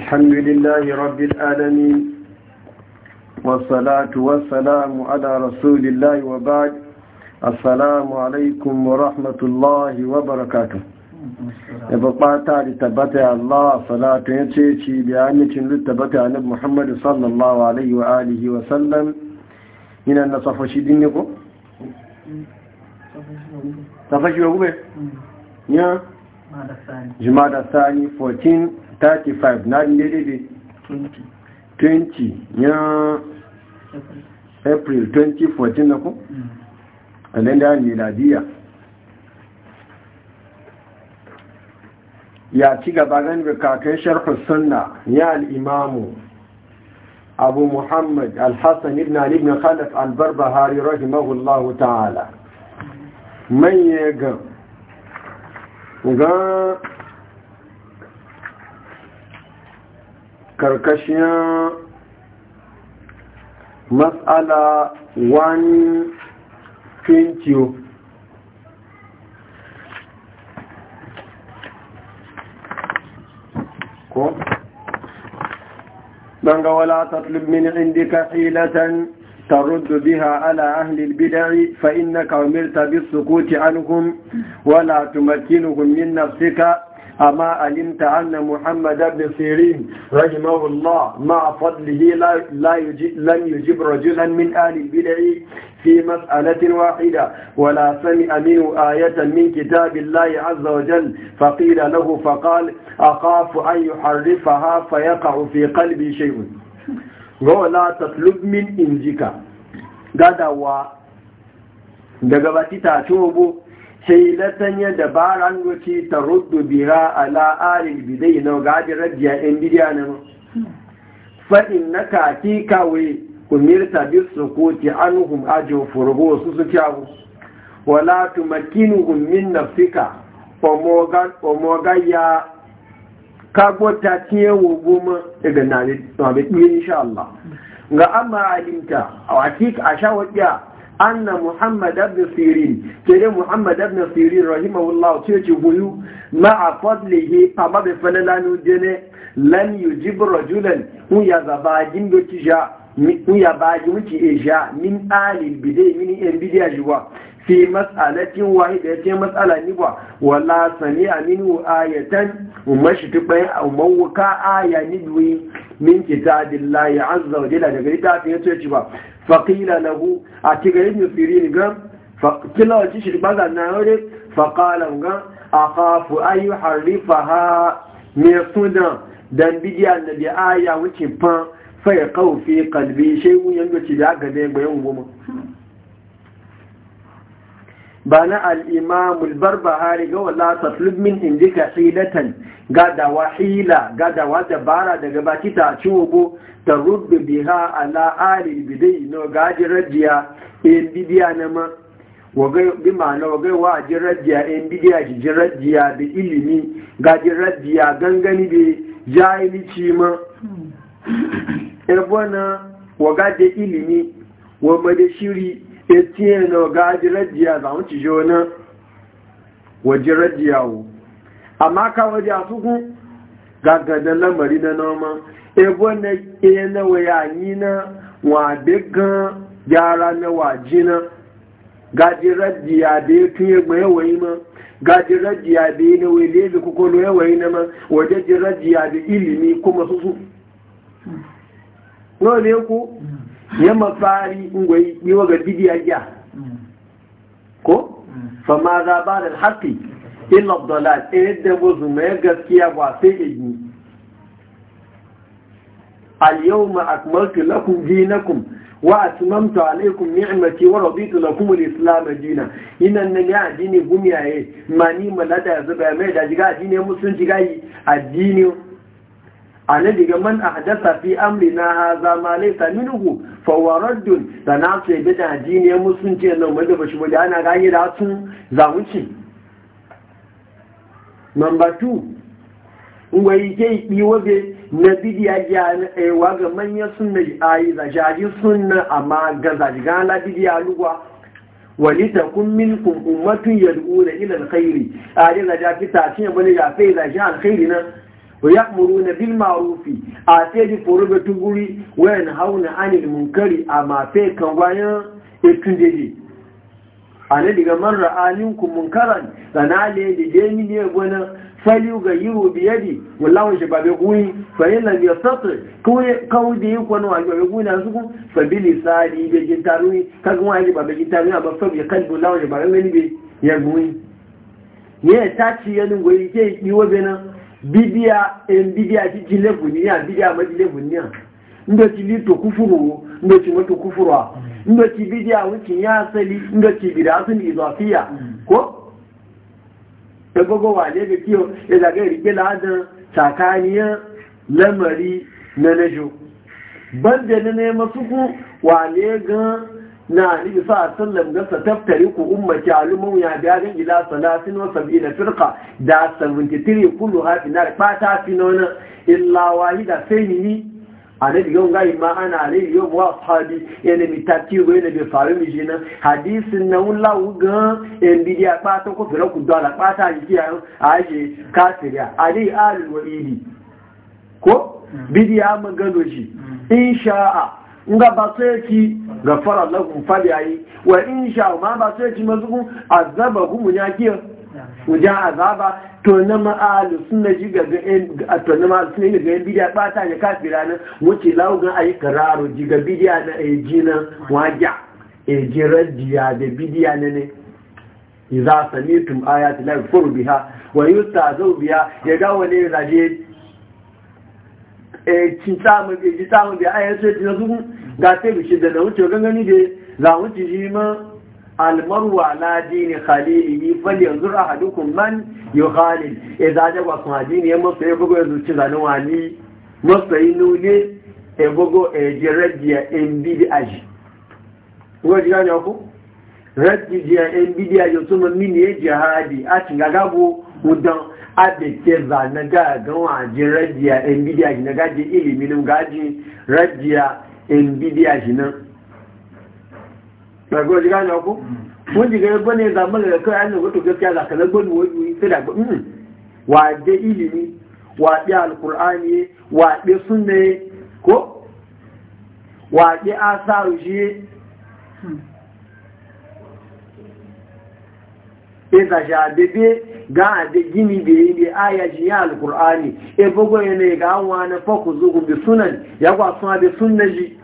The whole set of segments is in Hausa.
الحمد لله رب العالمين والصلاة والسلام على رسول الله وبعد السلام عليكم ورحمة الله وبركاته ibabata da tabbata Allah salatu ya ce ci bayanicin littabbata na Muhammadu sallallahu alaihi wa 14 35 náà na daidai 20 ya april 2014 na ku a nan da ya ci gaba gani ga kakai sharfin sunna ya al'imamu abu muhammad al-hassan ibn alibin khalif al-barbahari rahimahullahu ta'ala manye ga karkashin matsala wani finkiyo ko banga wala tatlib min indika hilatan ترد بها على أهل البدع فإنك أمرت بالسكوت عنهم ولا تمكنهم من نفسك أما علمت أن محمد بن سيرين رحمه الله مع فضله لا, لا يجيب لم يجب رجلا من آل البدع في مسألة واحدة ولا سمع منه آية من كتاب الله عز وجل فقيل له فقال أخاف أن يحرفها فيقع في قلبي شيء ولا تطلب من إنجك قدوا دقبتي تعتوبه da ya ran wuce ta ruddu bira ala la'arin bidai na gaji rajiya yan bidiya na faɗin na kati kawai umirta bi an hun ajo furgo su su kyawu wala hun um min nafsika omogayya kagota tiye wo goma daga nare tsabe insha Allah ga amma alimta a wakil a sha wakiya anna muhammad ibn sirin kere muhammad ibn sirin rahimahullah ceci huyu buyu a fadlihi amma bai falalanu jene lan yujib rajulan hu ya zaba jindo kisha hu ya baji wuce isha min alil bidai min yan bidiya jiwa fi mas'alatin wahida ce mas'ala ni ba wala sami'a minhu ayatan umashi tubai umawka aya ni min kitabillahi azza wa jalla daga littafin ce ba faƙila hu a cikin yin firin gan kila wace shi baza na yore faƙalan gan a kafu ayi harifa ha mai suna don bidiya na bi aya wuce fan fai kawo fi kalbi shaiwu yanzu ci da aka zai bayan goma Bana na al'imamul barbahari ga wala tatlub min indika hilatan gadawa hila gadawa dabara daga baki ta ciwo ta rubbe biha ala alil bidai no gaji rajiya in bidiya na ma bi ma'ana wagai wa ajin rajiya in bidiya jijin rajiya da ilimi gaji rajiya gangani da jahilici ma hmm. ebona waga da ilimi wa madashiri etinye na ga ji rajiya za mu ci jo na waje rajiya wo amma ka waje a tukun gagadan lamari na noma ebo na iya na waya yi na wade gan gyara na waje na gaji rajiya da ya tunye gbaye wayi ma gaji rajiya da yi na wai lebe kokolo ya wayi na ma waje ji rajiya da ilimi kuma su su. Nwa ne ya mafari ngwai yi wa garbidi ya gya ko ma za ba da haƙi illa dola ɗaya da wasu mai gaskiya ba sai da yi al-yawma akmaltu lakum dinakum wa atmamtu alaykum ni'mati wa raditu lakum al-islam dinan inan ne ya addini gumiyaye mani malada ya zuba mai da jiga addini musulunci jigayi addini annabi diga man ahdasa fi amrina hadha ma laysa minhu fa huwa radd sanatu ce bida dine musunci nan wanda bashi wanda ana ganye da su zamuci number 2 ngwai ke yi wabe na bidiya ya na ewa ga manyan sunna ayi da jaji sunna amma ga zajiga na bidiya lugwa kun ولتكن منكم أمة يدعون إلى الخير أعلم جاء في تاسين بني جاء في إذا alkhairi na ya muru na bil ma'rufi a ce teji furuga tuguri wayan hauna anil munkari amma fe kan wayan etun A ana diga man ra'alin ku munkaran sana le da gemi ne gona fali ga yiro biyadi wallahi shi babe guyi fa yana bi sati ko da ko kwano a be guyi na su ko fa bili sadi be gintarui ka gwa ali babe gintarui aba fa bi kalbu lawo babe ngani ne ya guyi ye tachi yanu goyi ke iwo be na bidiya en bidiya ti jile buniya bidiya ma jile buniya ndo ti li to kufuru ndo ti ma ti bidiya wuci ya asali ndo ti bidiya sun izafiya ko da gogo wale ga kiyo ya zaga rike ladan tsakaniyar lamari na najo banda na ne masu ku wale gan na nabi sa sallam da sa taftari ku ummati alumun ya biya ga ila salatin wa sab'ina firqa da 73 kullu ha dinar fata finona illa wahida sai ni anabi yau ga imma ana anabi yo wa sahabi yana mi taki go yana bi faru mi jina hadisin na wula wuga en bi ya pata ko fira ku dala ta yi ya aje kafiriya ali alul walidi ko mm. bidiya magano mm. shi Allah nga ba sai ki gafara lahum yi. wa in sha ma ba sai ci mazuku azaba hum ya kiyo ja azaba to na ma'alu suna ji ga a to na ma'alu suna ga yan bidiya bata ne kafira nan wuce laugan ayi kararo ji ga bidiya na eji na waja eji rajiya da bidiya na ne idza samitum ayati la yakfuru biha wa yustazu biha ya ga wani raje e cinta mu bi cinta mu bi ayatu na zugun ga sai bishi da da wuce gangani da za wuce shi ma almarwa na dini khalilihi fal yanzur ahadukum man yukhalil idza da ba kuma dini ya masu ya bugo yanzu ci zanin wani masu yi nune ya bugo ya ji rajiya in bi aji ko ji gane ku rajiya in bi aji to mun mini ya jihadi a cin gagabo mudan abeke za na ga ga wa ji rajiya in bidi aji na gaji ilimin gaji rajiya in bidiya shi nan ɗago jiga na ku mm. mun jiga ya bane zama da kawai an nuka to gaskiya za ka zagon wani sai da ba mm. wa da ilimi wa da alkur'ani wa da sunne ko wa da asaru shi mm. eza shi adebe ga ade gini da yi ne aya ji ya alkur'ani e bugo ya ne ga anwa na fokus zugun bi sunan ya kwa suna bi sunna ji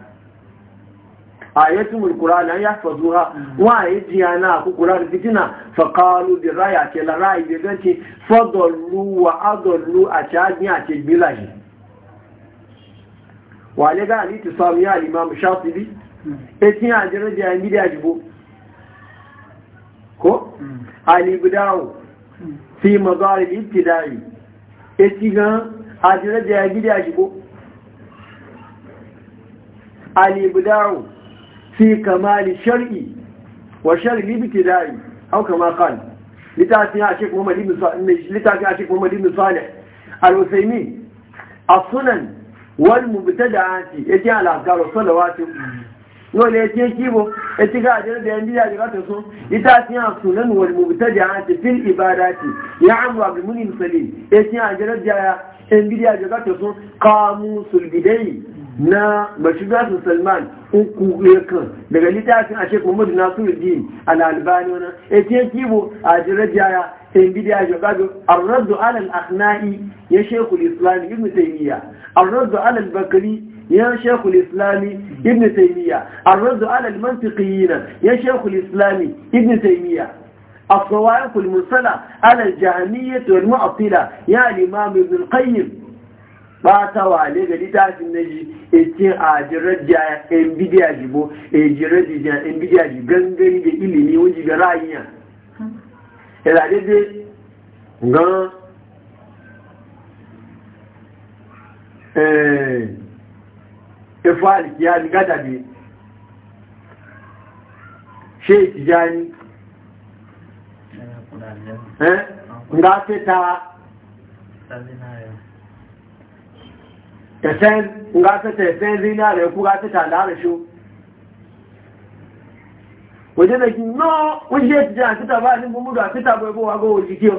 ayatun alkur'ani ya fazu ha wa a yi ya na ku kur'ani fitina fa qalu bi raya ke la rai bi ganci fadallu wa adallu a chajin a ce bilahi wa le ga ni tisamu ya al-imam shafi'i e tin ajira da ya ni da jibo alibdaw fi mazari ibtidai etigan ajira je gidi Ali alibdaw fi kamali shari'i wa shar'i ibtidai hau kama kan littafin ashik muhammad ibn misali litafi ashik a sunan wani mubita da as-sunan wal mubtada'ati eti al-afkar was yóò lè tí kí bó etí ká àjẹ́ bẹ̀rẹ̀ ní àjẹ́ká tó sún ìta tí a sùn lẹ́nu wọ̀n ìbára ti ya àmú àbìmúni ìsẹ̀lẹ̀ etí àjẹ́ bẹ̀rẹ̀ ní àjẹ́ká tó sún kàmú sulbidẹ́yì na salman kan daga littafin ashe muhammadu nasiru din al'albani etí kí àjẹ́ akhnai ya shaykhul islam ibn taymiya Alal bakri يا شيخ islami ابن taimiyya الرد على المنطقيين يا شيخ islami ابن taimiyya الصواعق المرسلة على الجهمية والمعطلة يا الإمام ابن القيم ba ta wale ga littafin na ji etin a jirajiya yan bidiyar jibo e jirajiya yan bidiyar ji gangari da ilimi wajen ga rayuwa yana daidai gan eh ẹfọ́ àlìkíyà ní gádàdé ṣe ìtìjá ní ǹgá tẹ́ta ǹgá tẹ́ta ẹ̀fẹ́ rí ní ààrẹ kú gá tẹ́ta láàrẹ̀ ṣó òjẹ́lẹ̀ kí náà ó ṣe ìtìjá àti tàbá ní gbogbo àti tàbá ẹgbọ́ wà òjì kí ọ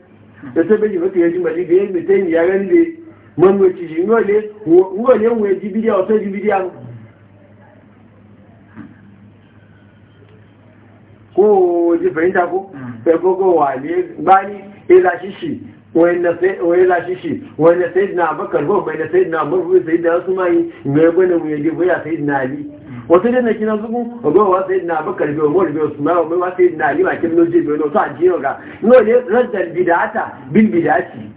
da sai bai mutu ya ji mali da ya mutu ya gani ne man wuce shi ngole ngole ngwe ji bidiya wato ji bidiya ko ji fahimta ko sai gogo wale bani ila shishi wayla shishi wayla na abakar ko bayna sayyidina umar ko sayyidina usman ne gwanin wuya ji buya na ali wato dai na kina zugu ogo wa sai na bakar bi umar bi usman wa wa sai na ali ba kin loje bi no ta jiyo ga no ne raddan bid'ata bil bid'ati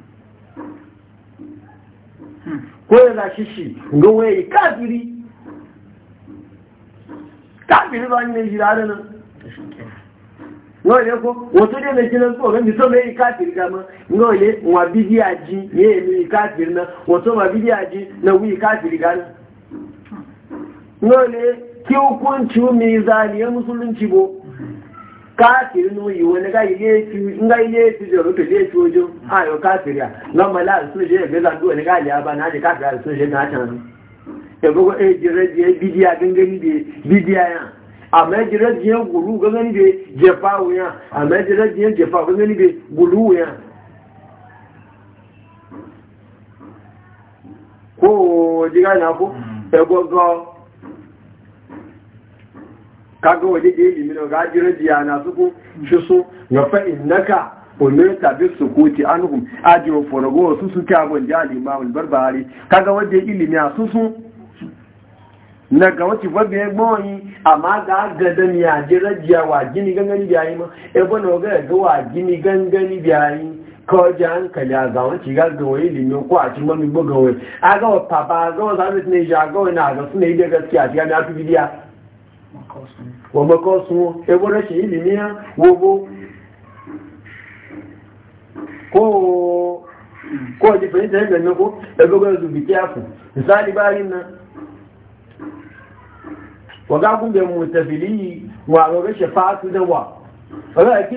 ko ya la shishi ga waye kafiri kafiri ba ni ne jira da nan no ne ko wato dai na kina zugu ga mi so mai kafiri ga ma no ne wa bidiya ji ne mi kafiri na wato ma bidiya ji na wi kafiri ga nan wale ki hukunci mizani ya musulunci bo kafiri no yi wani ga ile ti nga ile ti joro to le ti ojo ayo kafiri ya nga mala su je be la do ni ga ya ba na je kafiri su je na tan e gogo e jire je bidia gangani de bidia ya amma jire je gulu gangani de jefa wuya amma jire je jefa gangani de gulu wuya ko jiga na ko e kaga waje da ilimi na gaji rajiya na suku shi su na fa'in naka umar tabi su kuti an hum ajiyo foragowa su su kyabon jali mawul barbari kaga waje ilimi a su na ga wacce babbe ya gbawanyi amma ga gadan ya ji rajiya wa gini gangani biyayi ma ebe na waga ga wa gini gangani biyayi kawai ji hankali a zawon ci ga gawa ilimin ko a cin mami gawai a gawa papa a gawa zaɓe su ne shi a gawa na ga suna yi da gaskiya a cikin ya fi bidiya wọ́n mọ́kọ́ sun ẹgbọ́n ṣe yìí ní gbogbo kó o dìfẹ̀ẹ́ ẹgbẹ̀ mẹ́kó ẹgbẹ́gbẹ́ oṣù bìí kí á ìsáàlì bá rí na wọ̀gá gúnbẹ̀ mú tẹ̀fìlì yìí wà rọ̀rẹ́ ṣẹ̀fà tó dẹwà ọ̀rẹ́ ẹ̀kí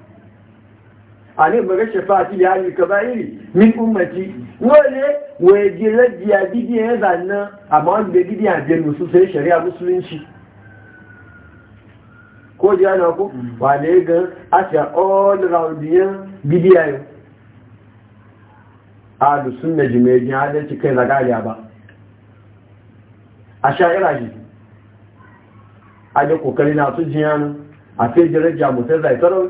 ale mara shafati da hali ka bayiri min ummati e mm. wale waje rajiya bidiyan zanna amma wanda da bidiyan jenu su sai shari'a musulunci ko ji ana ku wale ga asiya all round yan bidiyan a da sunna jimejin adalci kai zagariya ba a sha'ira shi a da kokari na su jiyanu a sai jirajiya mutum zai sarau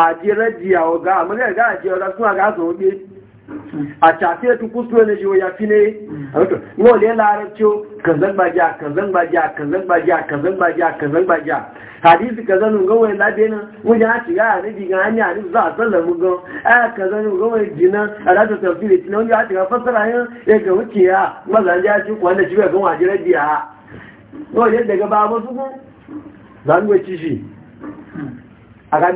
àti rẹ́jì àwọ̀gá àmọ́gẹ́gá àti ọ̀dá fún àgásùn ó gbé àti ẹ̀tù kú sí ẹni ṣíwọ̀ ya fi ní wọ́n lè láàárẹ̀ tí ó kànzẹ́gbàjá kànzẹ́gbàjá kànzẹ́gbàjá kànzẹ́gbàjá kànzẹ́gbàjá hadisi na za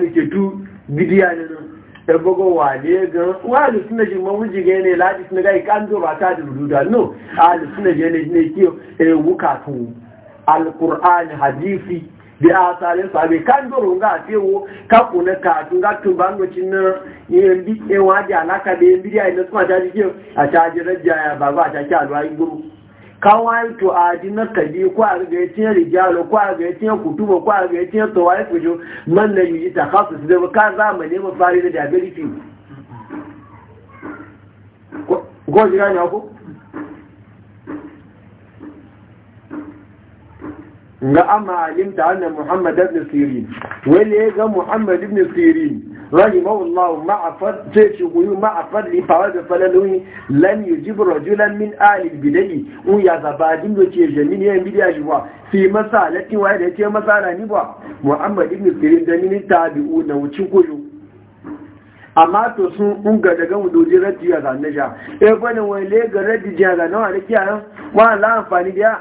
bidiya ne nan da wa wale gan wale suna ji mawuji ga ne ladi suna ga ikan do ba ta dudu da no ali suna je ne ne kiyo e wuka tu hadisi bi asare sabe kan do runga tewo ka kuna ka tun ga tun bango cin na yin bi e waje alaka be bidiya ne suna ta ji kiyo a ta ji rajja ya baba ta ki alwa guru kawai to a na kadi, ko a ga yace rijalo ko a ga yace kutuba ko a ga yace to wai kujo man da yi ta khasus da ka za mu fari da diabetes ko jira ne ko ga amma alimta annabi muhammad ibn sirin wani ya ga muhammad ibn sirin رحمه الله مع فضل مع فضل فواد فللوي لن يجيب رجلا من آل البداية ويا زبادين وكي جميل يا بداية جوا في مسألة واحدة هي مسألة نبوا محمد بن سيرين دمين التابعون وتشكوجو amma to sun unga daga wudoji raddi ya zanne ja e bane wai le ga raddi ja zanne wa ne kiyaye wa la amfani da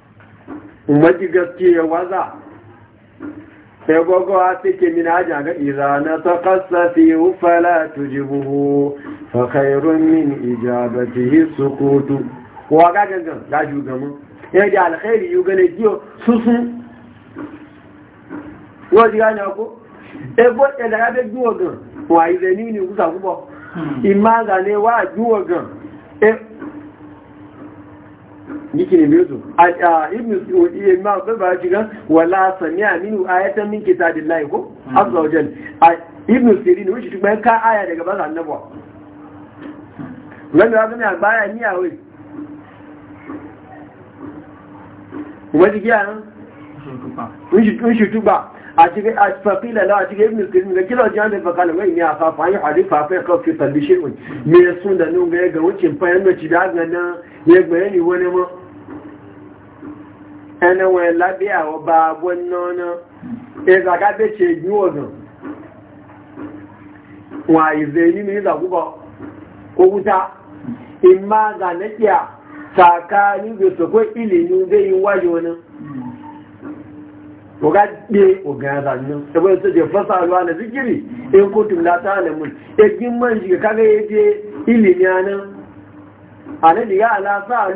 umarci gaskiya waza sai gwagwa suke mina ajiyar ga izana ta hufala fa khairun min ijabatihi sukutu wa ga gangan ga ya ji alkhairi yi gane jiyo susun wọ́n ti gánà kó ẹgbọ́ ẹ̀dàgbẹ́ gbíwọ̀gàn wà yake ne mezu a ibn su'udi ma ba ba shiga wala sami'a min ayatan min kitabillahi ko hmm. azza wa a ibn sirin wuce shi bayan ka aya daga bazan annabawa wanda ga ne baya ni a wai wani giya nan wuce tuba a cikin asfafila lalawa a cikin ibn sirin ga kila jiya da fakala wai ne a fafa yi harifa fafa ya fi salli shirin me sun da nun ga ya ga wucin fayan da ci da ga nan ya ga wani ma ẹni wọn lábẹ́ àwọn bá agbọ́ náà ẹzàká bẹ́ ṣe ìjú ọ̀nà wọn àìzẹ̀ nínú ìzàkúbọ̀ kòwúta ìmá zànẹ́kíà tààkà nígbè sọ̀kọ́ ilẹ̀ ní ilé ìwáyé ọ̀nà wọ́gá gbé ọ̀gáyàzà nínú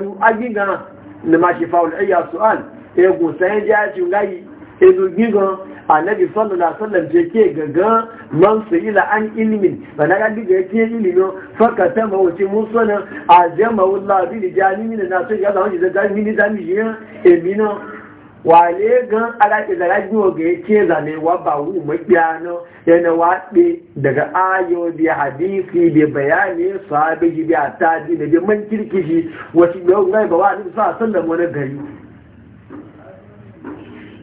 ẹgbẹ́ ni ma ṣe fa ego sai ya ji ngai ezu gigo annabi sallallahu alaihi wasallam je ke gaga man ila an ilmin bana ga diga ke ilimi faka ta mawuci musana a jama'ullah bi janimin na so ga da emina e wale gan alaƙi ga yake zane wa ba wu maƙiyano yana daga ayo hadisi da bayani sahabi da taji da man kirkishi wasu ba wa gari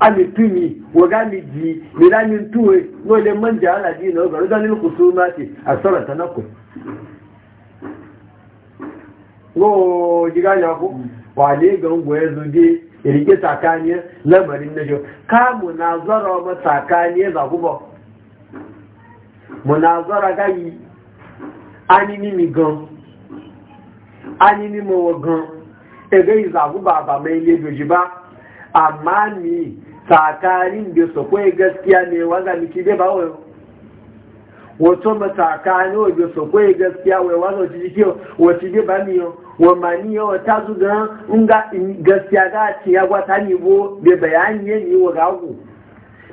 ami amitumi wagamiji miramin tuwe wale manja ala dina mm. wa garudanin kusumati a sarata na ku go jiga ya ku wale ga ngwaye zuge irige tsakaniyar lamarin na jo ka munazara ma tsakaniyar na munazara gayi anini mi gan anini mawa gan ebe izaguba ba mai ile doji ba amma ni tsakanin da su kwaye gaskiya ne wanda miki bai ba wayo wato ma tsakanin da su kwaye gaskiya wai wanda wata jiki wata bai ba miyo wa mani yawa ta zu ga gaskiya ga ci ya gwata ni bo bai bayani ne ni wa gagu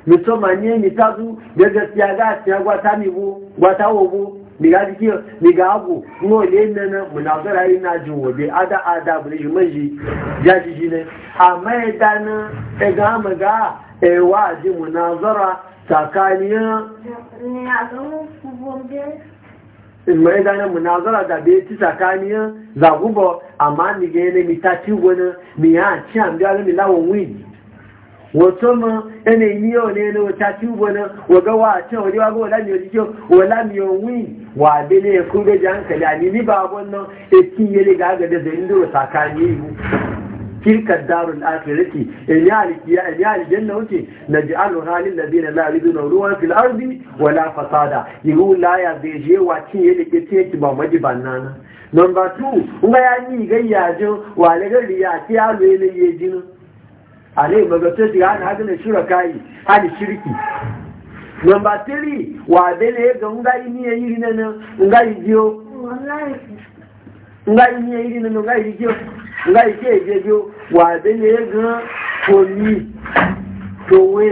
mito mani ne ta zu da gaskiya ga ci ya gwata ni bo gwata wo bo diga jiki diga abu no le nana munazara ina jin wabe ada ada bu ji manji ya ji ji ne amma idan e, e ga maga e wa ji munazara tsakaniya mai e da na munazara da bai ci tsakaniya zagubo amma ni ga ne mi ta ci wani mi ya ci an biya mi lawon wini wato ma ene yau ne na wata tubo na waga wa ce wani waga wala miyo cikin wala miyo wi wa bele ya ga jan hankali. ni ni ba wannan e ki yele ga ga da zai ndo sakani yi tilka darul akhirati e in ya alkiya e in ya aljanna wuce na naj'alu halil ladina la na ruwan fil ardi wala fasada yiru la zai je wa ki ya ke ce ki ba maji banana number 2 kuma ya ni gayyajo wa ya ga riya ki alu yele yejinu alai magato shiga hana haka da shura kayi hali shirki Nomba tiri wa bele ga ngai ni yiri nana ngai jiyo ngai ni yiri nana ngai jiyo ngai ke jejo wa bele ga komi towe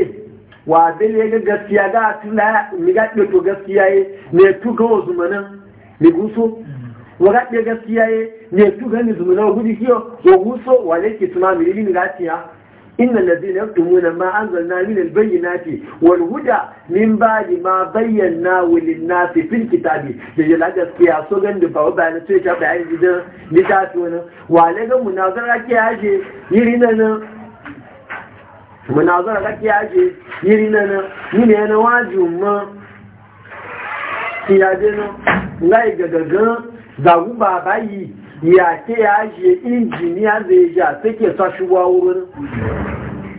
wa bele ga gaskiya ga tuna mi ga to gaskiya ye ne tu ga zumana ne guso wa ga gaskiya ye ne tu ga ni zumana gudi kiyo wa guso wa ne ke tuna mi ni ga tiya إن الذين يكتمون ما أنزلنا من البينات والهدى من بعد ما بيناه للناس في الكتاب يجي هذا كيا سوغن دبا وبان سويتا بعين جدا لتاتونا وعليك مناظرة كياجي جي يريننا مناظرة كيا جي يريننا من هنا ما كيا جينا لا يجدغن زاغو بابا يي ya ke ya je injiniya zai ja suke sa shuwa wurin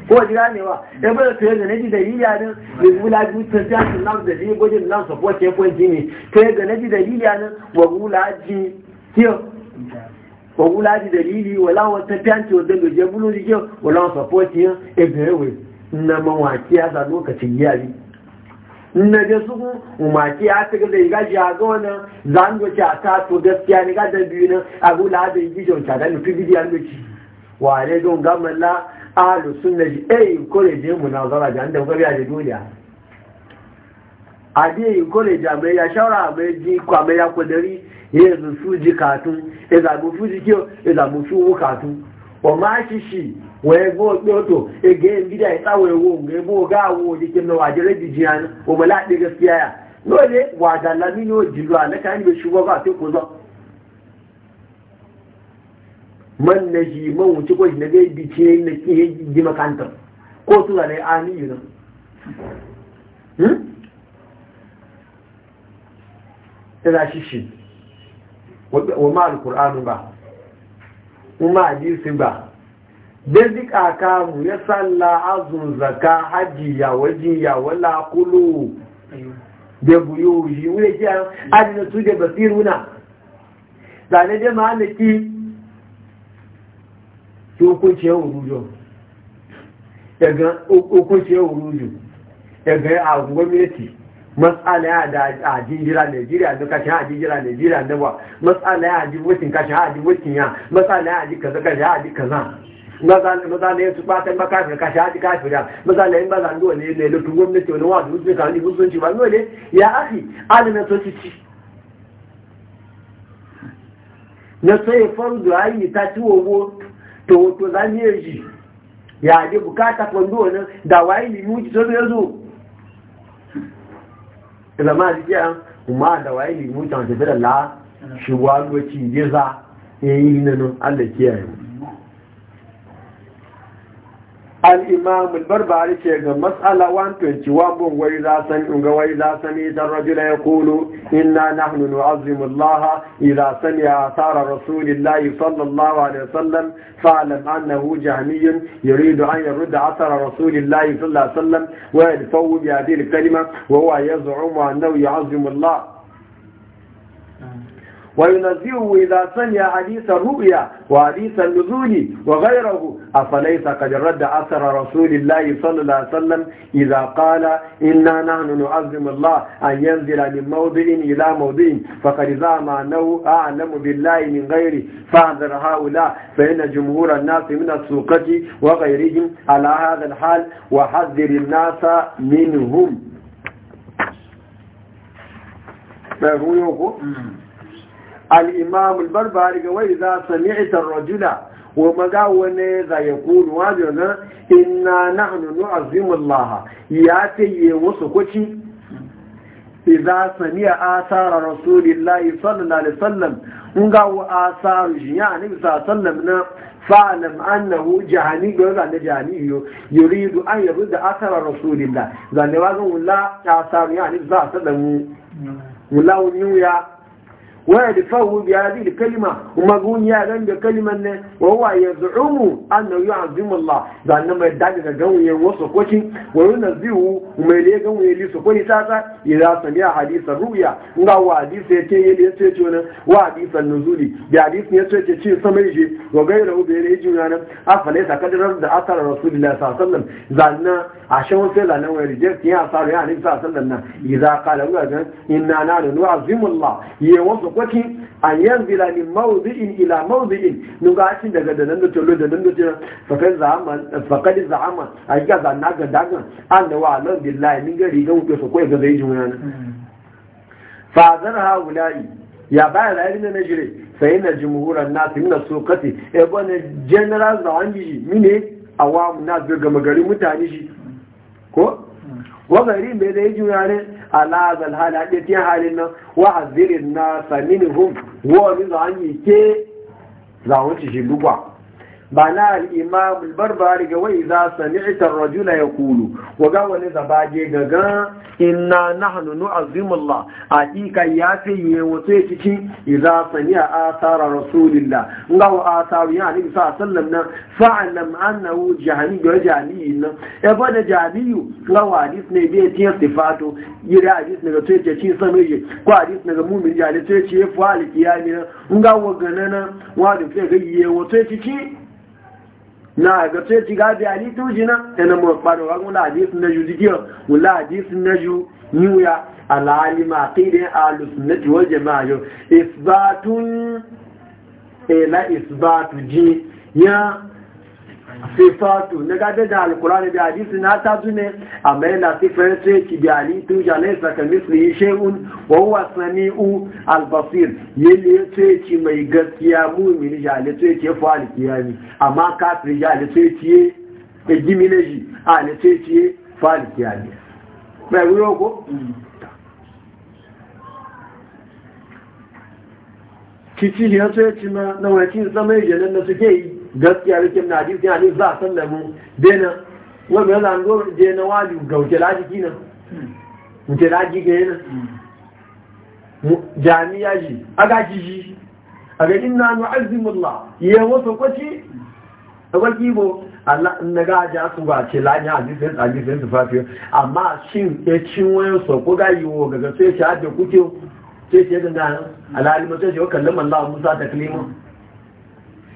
ko ji ganewa ya bada to yadda na dalili a nan da biyu ta su nan da zai gwajin nan su kuwa tefon jini ta yadda na dalili a nan wa gula ji kiyo wa gula ji dalili wa lawan ta fiyanci wa zai je bulu ji kiyo wa lawan support yin ebe na mawaki ya lokacin yari na ga su umaki ya ta gaza ga jago nan zan go ta ta to gaskiya ni ga da biyu nan abu gula da yi gijon ta da nufi bidiyan lokaci wa ne don gamalla ahlus sunna ji eyi kore je mu na zara da da gabiya da duniya biye yi kore ja mai ya shawara mai ji kwa mai ya kudari yanzu su ji katun ya e zamu su ji kiyo ya e zamu su katun ọma máa ṣíṣì wọ́n ẹgbọ́n pé ege ìbídà ìtawọ̀ ewu òǹgẹ̀ ebó ọgá àwọn òdìkì náà àjẹrẹ́ dìjì àná òmò láti gẹ́sìkíyà yà lóòlé wàdà lámì ní òjìlú àlẹ́ka ń gbé ṣùgbọ́n bá tó kó lọ. man na shi man wuce ko na gai bice na kihe ji makanta ko su zane ani yi nan ina shi shi wa kuma hadisi ba basic mu ya salla azun zaka haji ya waji ya wala kulu wuri ji a adina su da basiruna zane je da na ki hukunci ya wurujo daga hukunci ya wurujo ya matsala ya da a jinjira Najeriya da kashin a jinjira Najeriya da ba matsala ya ji wucin kashin a ji wucin ya matsala ya ji kaza kashin a ji kaza mazalayin su fatan makafin kashi haji kafira mazalayin ba zan dole ne lutun gwamnati wani wadu wuce kan ibu sun ci ba dole ya afi ali na soci ci na so ya faru da ayi ta ci wogo to to zan yi ya ji bukata kwando wani da wayi limu ji so zo zama a jikiya kuma da waye ne mutan tafi da la shi wa lokaci ya za ya yi nanin allah kiyaye الإمام البربري شيخ مسألة 121 وإذا سمع وإذا سمعت الرجل يقول إنا نحن نعظم الله إذا سمع آثار رسول الله صلى الله عليه وسلم فاعلم أنه جهمي يريد أن يرد أثر رسول الله صلى الله عليه وسلم ويدفو بهذه الكلمة وهو يزعم أنه يعظم الله وينزهه إذا سمع حديث الرؤيا وحديث النزول وغيره أفليس قد رد أثر رسول الله صلى الله عليه وسلم إذا قال إنا نحن نعظم الله أن ينزل من موضع إلى موضع فقد زعم أنه أعلم بالله من غيره فاحذر هؤلاء فإن جمهور الناس من السوقة وغيرهم على هذا الحال وحذر الناس منهم. يقول؟ الإمام البربري وإذا سمعت الرجل ومغا وني ذا يقول واجنا إنا نحن نعظم الله ياتي يوسكوتي إذا سمع آثار رسول الله صلى الله عليه وسلم نغا آثار يعني صلى الله عليه وسلم فاعلم أنه جهني قال جهني يريد أن يرد آثار رسول الله ذا نواغن الله آثار يعني صلى الله عليه وسلم ولا ونيويا waya da fahu bi hadhihi al-kalima kuma gun ya ran da kalimar ne wa huwa yaz'umu annahu yu'azzimu Allah da annan mai dadi da gan yayin wasu koki wa yunazihu mai ne gan yayin su koki ta ta idza sami'a hadithan ruya inga wa hadisi yace yi da yace ce ne hadisi yace ce ce samai je wa gaira hu bi ne ji yana a fa da athar rasulullahi sallallahu alaihi wasallam zanna a shan wani jirgin ya sa ya ne sa sallallahu alaihi wasallam idza qala wa gan inna nanu nu'azzimu Allah yayin wasu sokoki an yanzila min mawdi'in ila mawdi'in nuga shi daga da nan da tolo da nan da tolo fakan zaman fakan zaman a ga zanna ga daga an da wa lan billahi min gari ga wuce su koyi ga zai ji wani fa zar haula'i ya ba da irin na jire sai na jumhuran nas min sokati e bane general da wani mine awam na daga magari mutane shi ko wa gari me da yi juna ne ala zal hal hadi ti halin nan wa hazirin saminin hun wa bi yi ke zawon ci shi lugwa ba na al'imam albarbari ga wai za sami itar rajula ya kulu waga wani zabage gaga ina na hannunu azimullah a ƙiƙa ya fi yi wato ya cikin iza sami a asara rasulillah nga wa asaru ya hannun sa sallam nan fa'alam annahu jahani ga jahaniyi nan ya e ba da jahaniyu nga wa hadis ne bai tiya sifato yi da hadis ne ga to ya cikin sami yi ko hadis ne ga mumin jahani to ya ci ya fi wa alkiyami nan nga wa ganana wa da fiye ga yi wato ya cikin na ga sai ci gabi ali tujina ina mu faru wa mun hadisi na ju dikiyo mun hadisi na ju niya alalima qida ahlus sunnati wal jamaa isbatun ila eh, isbatu ji ya sifatu na gada da alkurani da hadisi na ta zune a mai na sifar ce ki da alitu jalai sakamis da yi wa wawa sami'u albasir yili ya ce ki mai gaskiya mumini jalai ce ki fa alkiyami amma kafin jalai ce ki ya gimi na ji a ne ce ki ya e fa alkiyami mai wuro ko? kici ya ce ki na wani zama yi jalan suke yi gaskiya rikin na hadisi ya ne za a mu. dena wani yana zo je na wali ga wuce laji ki wuce laji ga yana jami'a ji aga ji ji a ga inna nu azimullah ya wasu kwaci a kwaki bo Allah na ga ja su ba ce laji hadisi sai tsaji sai su fafi amma shin ya cin wani so ko ga yi wo ga sai shi hajje kuke sai shi ga nan alhali mutum shi wa kallon Allah Musa taklima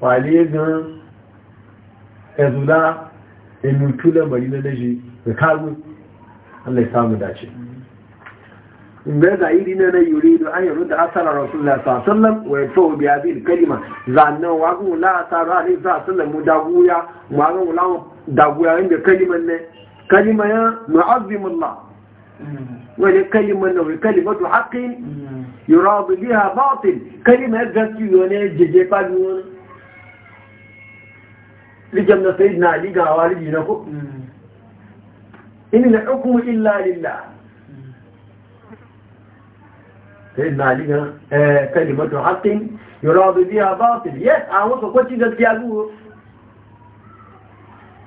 wale gan ezula emutu lamari na daji da kagun allah ya samu dace ga zahiri na na yuri da an yaro da asara rasulullah sallallahu alaihi wasallam wa yato bi hadhihi kalima zannan wa gun la asara alaihi wasallam mu daguya mu gun la daguya inda kaliman ne kalima ya mu'azzimullah wani kalimar na kalimatu haƙin yurabu biha batil kalimar gaskiyo ne jeje fadi wani rijam na sai na ligawa rigi na ku inna hukumu illa lillah sai na liga eh, kalimatu haqqin yuradu biha batil yes a wasu kwaci gaskiya zuwa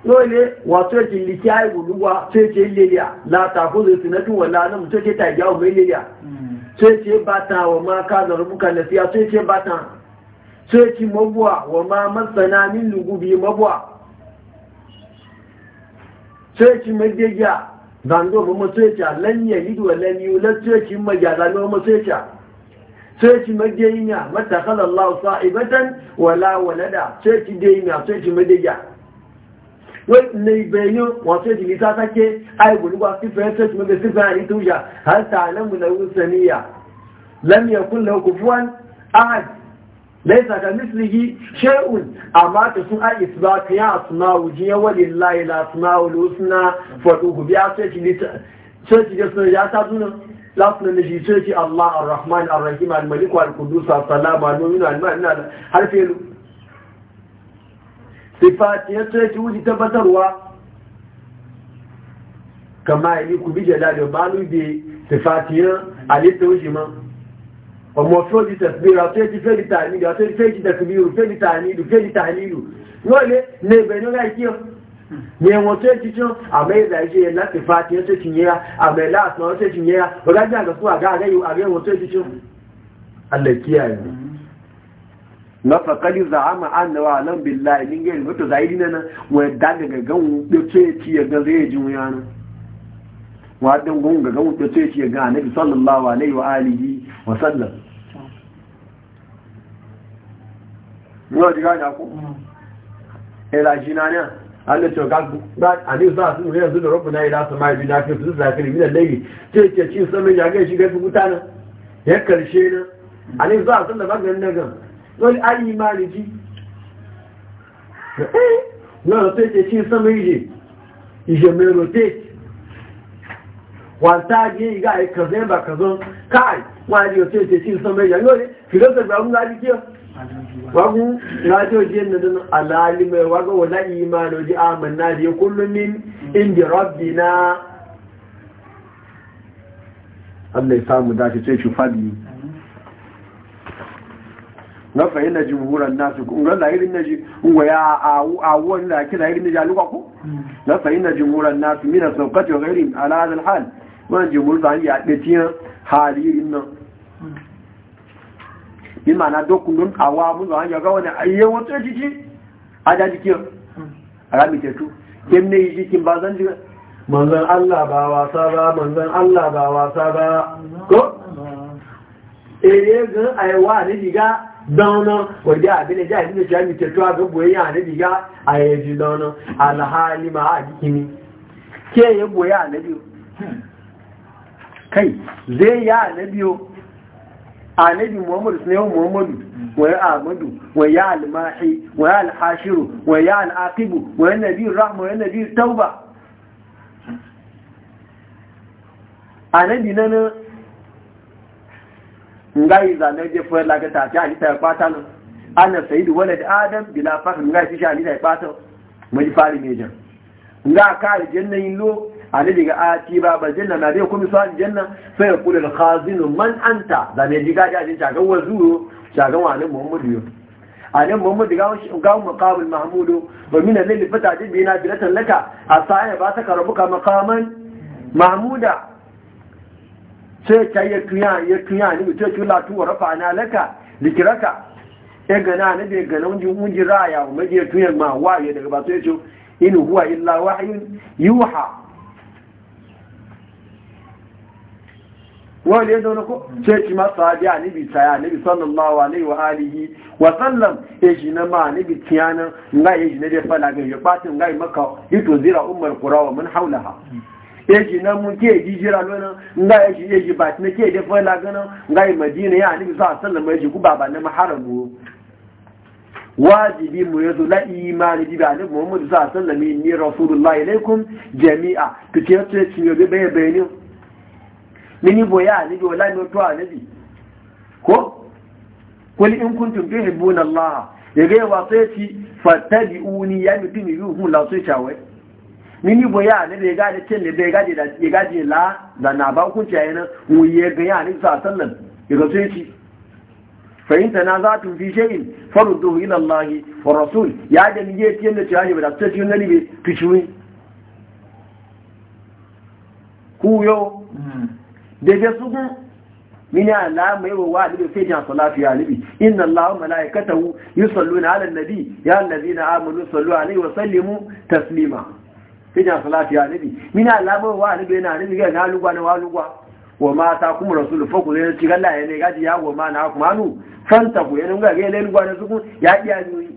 dole wato ce liki ai buluwa sai ce liliya la ta kuzo sinatu wala nan sai ta jawo mai liliya sai ce bata wa ma ka zarubuka nasiya sai mabuwa wa ma masana min lugubi mabuwa sai ki magiya zando mu sai ki lan wa la sai ki magiya zando mu sai ki mata khala Allah sa'ibatan wala walada na sai ki wai ne bayu wa sai ki lita take ai guluwa ki fa sai ki magiya sai fa ni tuja hal ta'lamu lahu saniya kufuwan ahad laisa ka mislihi shay'un amma ta sun ai isbatu ya asma wujiya walillahi la asma ul husna faduhu biya sai ki sai ya ta duna la na da shi sai ki Allah ar-Rahman ar-Rahim al-Malik al-Qudus as-Salam al-Mu'min al-Mu'min Harfe felu sifati ya sai ki wuji tabbatarwa kama yi ku bi jalali ba lu bi sifatiyan alitta wuji man ọmọ tó di tẹ̀síra tó di fẹ́ di tààlìlù àti fẹ́ di tẹ̀síru fẹ́ di fẹ́ di wọ́n lé ní ẹgbẹ̀ ní ọlá ìkíyàn ní tó ti tún àmẹ́ ìlà iṣẹ́ láti fa tiẹ́ tó ti yẹra àmẹ́ láàsán tó ti yẹra ọ̀gájú àgbà àgá wa daga gangan da ci ya wadin gun ga ga wuce sai ce ga annabi sallallahu alaihi wa alihi wa sallam yau ji gani ku ila hmm. jina ne Allah ce ga ba ani za su ne yanzu da rabbuna ila sama bi na fi su zakiri min da layli ce ce cin sama ya ga shi ga mutana ya karshe na ani za su da bagan daga wal al-imani ji na eh. sai ce cin sama yi je je mai rotate wanta yi ga yi e kaza ba kaza kai wani yau sai ce shi san bai yanzu ne filosofi ba kun gaji kiyo wagu na ce wajen na dan alali mai waga na imani wajen amanna da ya kullum min inda rabbi na Allah ya samu da shi, sai shi fadi na fahimta jimhuran nasu ƙungar lahirin na ji ya awuwan da ake lahirin na ji alukwa ku hmm. na fahimta jimhuran nasu mina saukacin gairin ala'adar hal man ji murza ya ɗaciyan haririn nan bi mana dokunan awa murza ya ga wani ayyan wata jiki a da jikin rami teku kem ne yi jikin ba zan jikin manzan Allah ba wasa ba manzan Allah ba wasa ba ko? ere gan aiwa ne diga daunan wadda abin da a gaboyin ya ne diga a yaji daunan alhali ma a jikini ke yi boye a kai zai ya anabiyo anabi muhammadu sunayen muhammadu waya ahmadu waya ya almahi wai alhashiru wai ya al'aqibu wai nabi rahma wai nabi tauba A na na nga yi zanen jefa lagata ta ta ya kwata nan ana sayidu da adam bila fahim yi fi shi halitta ya kwata mai fari mejan nga ka aljanna yi lo annabi ga ati ah, ba ba janna na dai kuma sai janna sai ya kula da khazinu man anta da ne diga ga jin shagan wazu shagan wa muhammadu yo annabi muhammadu ga ga maqamul mahmudu wa min al-layli na bina bilatan laka asaya ba ta ka maqaman mahmuda sai ta ya tuya ya tuya ni mutum tula tuwa rafa na laka likiraka e ya gana na bai gana wunji raya wa majiyar tuyar ma waye daga ba sai ce in huwa illa wahyun yuha wọ́n lè zaune ko ce ci masu hajji a nibi taya nibi sallallahu alaihi wa alihi wa sallam ya shi na ma nibi tiyanan nga ya shi na dai fala ga yabatin nga maka yito zira Umar, qura mun man haulaha ya shi na mun ke ji jira lona nga ya shi ya shi ba ke dai ga nan nga madina ya nibi ku wajibi mu yazo la imani bi ba nibi muhammad sallallahu alaihi wa sallam ni rasulullahi ilaikum jami'a to ce ce ci bayanin mini boya ne jo la no to anabi ko kul in kuntum tuhibbuna allah ga wa sai fattabi'uni ya yi hu la sai chawe mini boya ne da ga da telle da ga da ya ga la da na ba kun chaye na mu ye ga ya ne sa sallan ga sai ci fa in tanaza'tum fi shay'in farudduhu ila allah wa rasul ya da ni ye telle chaye ba da sai ci ngani be tuchuwi kuyo hmm. daga sugun mini alama yi wa alibi sai jan salafi alibi inna hu yi sallu na halin nabi ya allazina amanu sallu alaihi wa sallimu taslima sai jan salafi alibi mini alama yi wa alibi yana alibi ga galugwa na walugwa wa ma ta kuma rasulu fokus zai ci galla ya ne gaji ya wa ma na kuma nu fanta ku yana ga gaila lugwa na sugun ya iya yi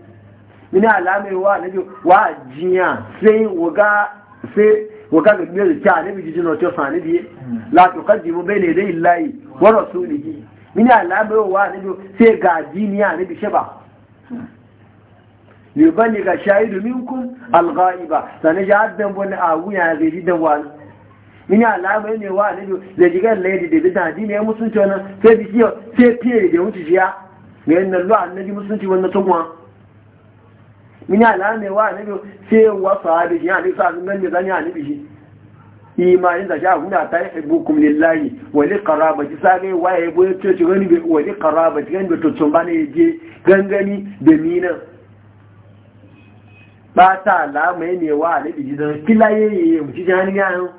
mini alama wa alibi wa jiya sai waga sai وكان يقول كان نبي جنو تو فاني دي لا تقدموا بين يدي الله ورسوله من الامر هو نبي سي غاديني نبي شبا يبلغ شاهد منكم الغائبه سنجعل ذنب اويا غير دوال من الامر ne wa nabi da jigar lady da bidan dini ya musunci wannan sai bi sai fiye da wuce jiya ne nan lo annabi musunci wannan tugwa min alamewa annabi sai wa sahabi shi hadisi sa sun ganye zani annabi shi imanin da sha guda ta yuhibbukum lillahi wa li qarabati sai wa ya boye ce ci gani wa li qarabati gani to tun bane je gangani da mina ba ta alama ne wa annabi shi dan kilaye mu ci jani ya yau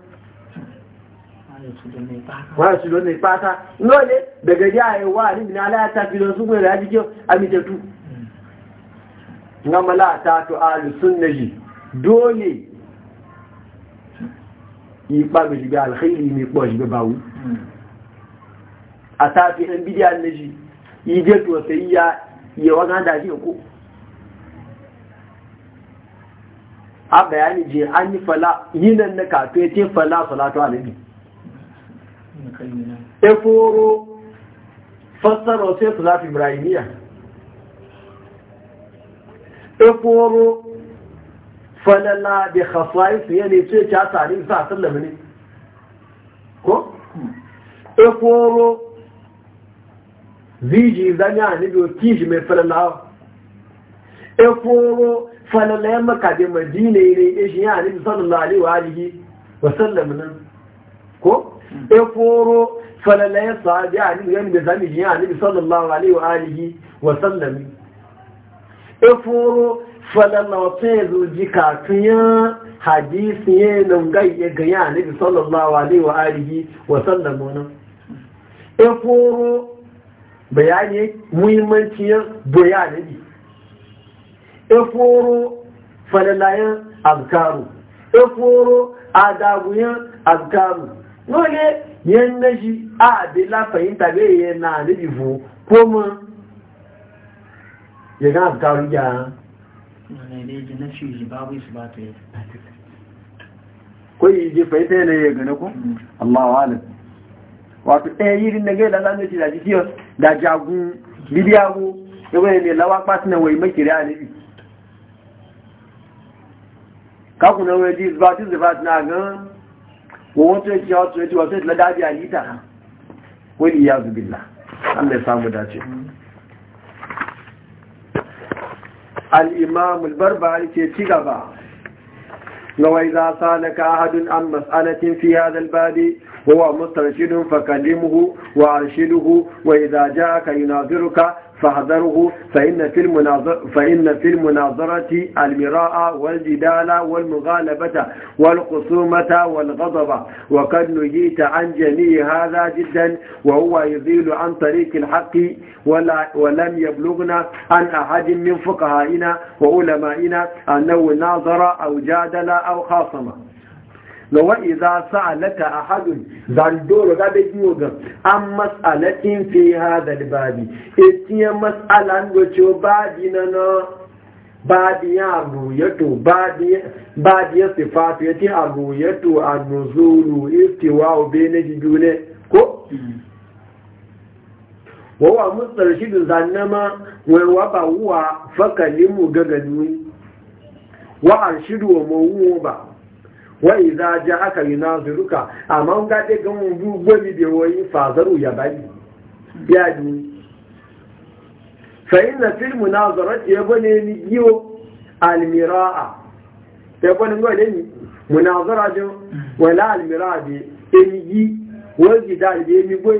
wa su don ne fata ngole daga jaye wa annabi na ala ta fi don su gura da jike tu. na malata to alu sunna ji dole yi kpabe ji bi alkhairi mi kpo ji bawu a tafi ɗan bidiyar na ji yi je to sai ya yi wani da ji ko a bayani je an yi fala nan na kafe ya ce fala salatu alibi e foro fassara sai salatu ibrahimiyya ikoro falala da hafai su yane ce ta tare a sallama ne ko? ikoro ziji zanya ne biyo kiji mai falala ikoro falala ya maka da madina ne ya shi ya ne sallama ne wa aliki wa sallama nan ko? ikoro falala ya sa a ya ne biyo zami ya ne sallallahu alaihi wa aliki wa sallama efuru falala wata ya zoji kafin ya hadisi ya nungai ya ganya a nabi sallallahu alaihi wa alihi wa sallam wani efuru bayani muhimmanci ya boya nabi efuru falalayen azkaru efuru adaguyen azkaru nole yan nashi a abila fahimta bai yana nabi fu ko mun ya ga afkaru ya kwai je faita yana ya gane ku Amma wa wato ɗaya yirin da zan ci da jikiyar da jagun bidiyago ya wani ne lawa kwasinan wai makiri a nabi kakunan wai ji zuba ti na gan wawon tsoye ciyawa tsoye ciyawa tsoye a lita wani ya zubin la an da samu dace mm. الإمام البربري كتغبا وإذا سالك أحد عن مسألة في هذا الباب وهو مسترشد فكلمه وأرشده وإذا جاءك يناظرك فاحذره فإن في المناظرة فإن في المناظرة المراء والجدال والمغالبة والخصومة والغضب وقد نجيت عن جميع هذا جدا وهو يزيل عن طريق الحق ولا ولم يبلغنا عن أحد من فقهائنا وعلمائنا أنه ناظر أو جادل أو خاصم ga wa'i za sa alaka a hadun zandoro ga bai biyo ga an matsalatin fi hada babi etiyan da wacewa babi na na babi ya ruyato babi ya sifatu ya ti a ruyato a nuzuru istiwa obe na jibi ne ko wawa mutsar shidin zannama wai waba wuwa fakalimu gagaduni wa an shidu wa mawuwa ba wai za ji haka yi na zuruka amma ga ɗe gan wudu gwani da wani fazaru ya bari ya ji fa'in na filmu na zarar ya bane ni yiwo almira'a ya bane wale ni munazara jin wala almira'a bi emi yi wani gida da emi gwai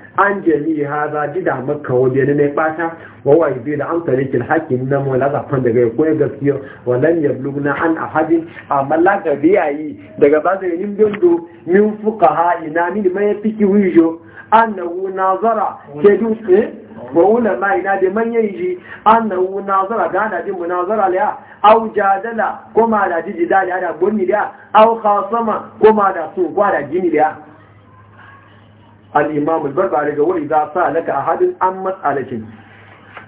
an jami haza za ji da maka wajen ne mai bata wa wa yi da an tare kin hakin nan wala za fan daga ya gaskiya ya yablugna an ahadin amma la ga biyayi daga bazainin dondo min fuqaha ina min mai fiki wijo annahu nazara ke dutse eh, wa ulama ina da manyan ji annahu nazara ga da din munazara liya au jadala kuma da jidali da gonni da au khasama kuma da su kwa da jini da al'imam albarbari ga wuri za sa laka a hadin an matsalakin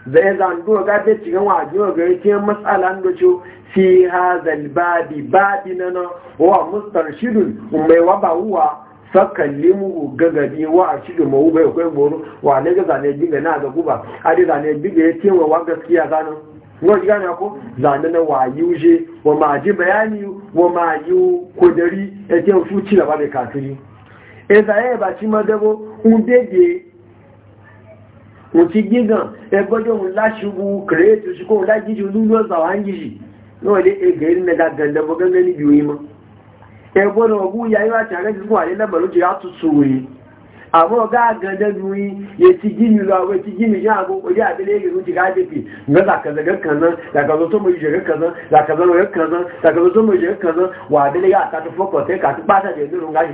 zai zanduwa gafe cikin wajewa ga yake matsalan da ce fi hazal babi babi na nan wa mustar shidun mai waba huwa sakan limu gagabi wa a shidun mawu bai kwai boro wa ne ga zane biga na ga guba a dai zane biga ya kewa wa gaskiya zanen wa ji gane ko zane na wa yi wuce wa ma ji bayani wa ma yi kudari ya kewa su ci gaba da kafiri ẹ̀sàyẹ̀ ìbàtí mọ́ dẹ́gbó ń dédé òun ti gígàn ẹgbọ́jọ́ òun láṣubú kìrẹ́ẹ̀tì ṣùkọ́ lájíjì olúlú ọ̀sà wá ń jìjì náà lé ẹgbẹ̀rẹ́ mẹ́ta gẹ̀ẹ́dẹ́gbọ́ gẹ́gẹ́ níbi òun mọ́ ẹgbọ́n ya yíwá tí àrẹ́ fífún àrẹ́lẹ́bọ̀ ló jẹ́ àtútù òun àwọn ọ̀gá àgàndẹ́gbù yìí yẹ ti jí mi lọ àwọn ti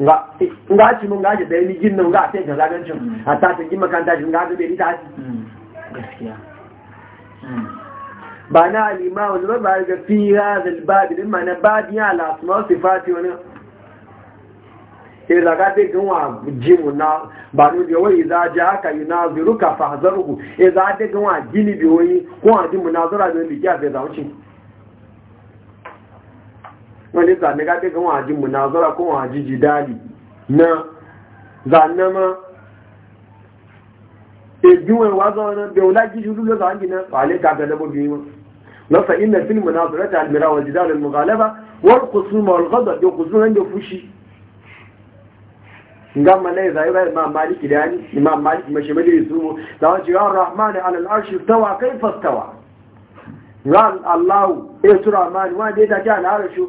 nga ci mun gaje da yi jin nan ga sai ga zagancin a ta ta gima kan tashi ga mm. bai rita ci gaskiya mm. ba na alima wani zuba ba ga fi hadha albab din ma na bab ya la asma sifati wani sai e zaga dai gan wa jimu na ba no da wai e za ja ka yunaziruka fahzaruhu idza e dai gan wa gini bi wai ko a jimu nazara da liya bai zaunci wani zane ga ɗaga wajen munazara ko wajen jidali na zane ma ejuwe wazo wani beula gishi lullu za hangi na fale kaga na bobi ma na fa inna fil munazarata al mira wal jidal al mughalaba wal khusuma wal ghadab yo khusuma da fushi ngam ne zai ga imam maliki da ni imam maliki mashi majlis su da wa jiran rahman ala al arsh tawa kayfa tawa ran allah e sura man wa da ta ala arshu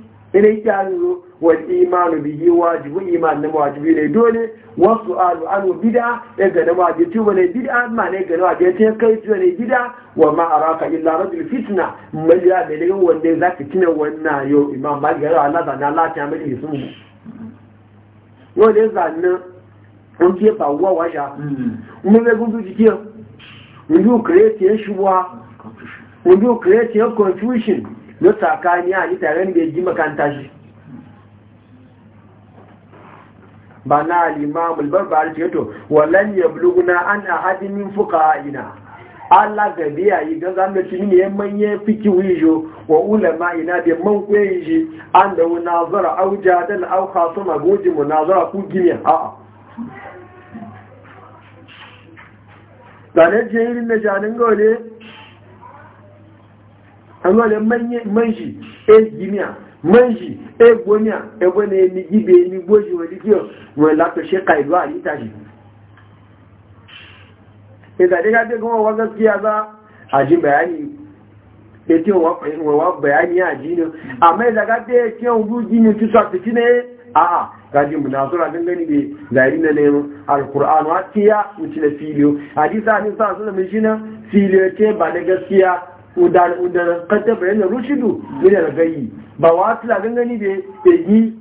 sai ya zo wal imanu bihi wajibu iman na wajibi ne dole wasu alu anu bid'a ya na wajibi tuba ne bid'a ma ne ga na wajibi ta kai tuba ne bid'a wa ma araka illa rajul fitna maliya da daga wanda za ka tina wannan yo imam malik ya Allah da Allah ta mai isu wanda zanna on ke ba na tsakani a tare da ya ji makanta shi ba na alimamul barbar ce to wallan ya buluguna an a hadinin fuka ina Allah ga biya yi ga zanga shi ne manye fiki wijo wa ulama ina da man kwaye shi an da nazara au jadal au khasuma goji munazara ku a ha. da ne irin na janin gole amma da manji e gimiya manji e gomiya e gwana ya ni gibe ni goji wani kiyo wani lato shi kailu a lita shi e zaɗe ga ɗe kuma wa gaskiya za a ji bayani e ti wa bayani ya ji ne amma e zaga ɗe ki yau ruji ne ki sa fiti ne a a gaji mu na sura gan gani bai zari na nemo alkur'an wa tiya mu na filiyo hadisa ne sa suna mai shi na filiyo ce ba na gaskiya udanar kanta bayan da rushidu mina da ba wa tula gangani da yi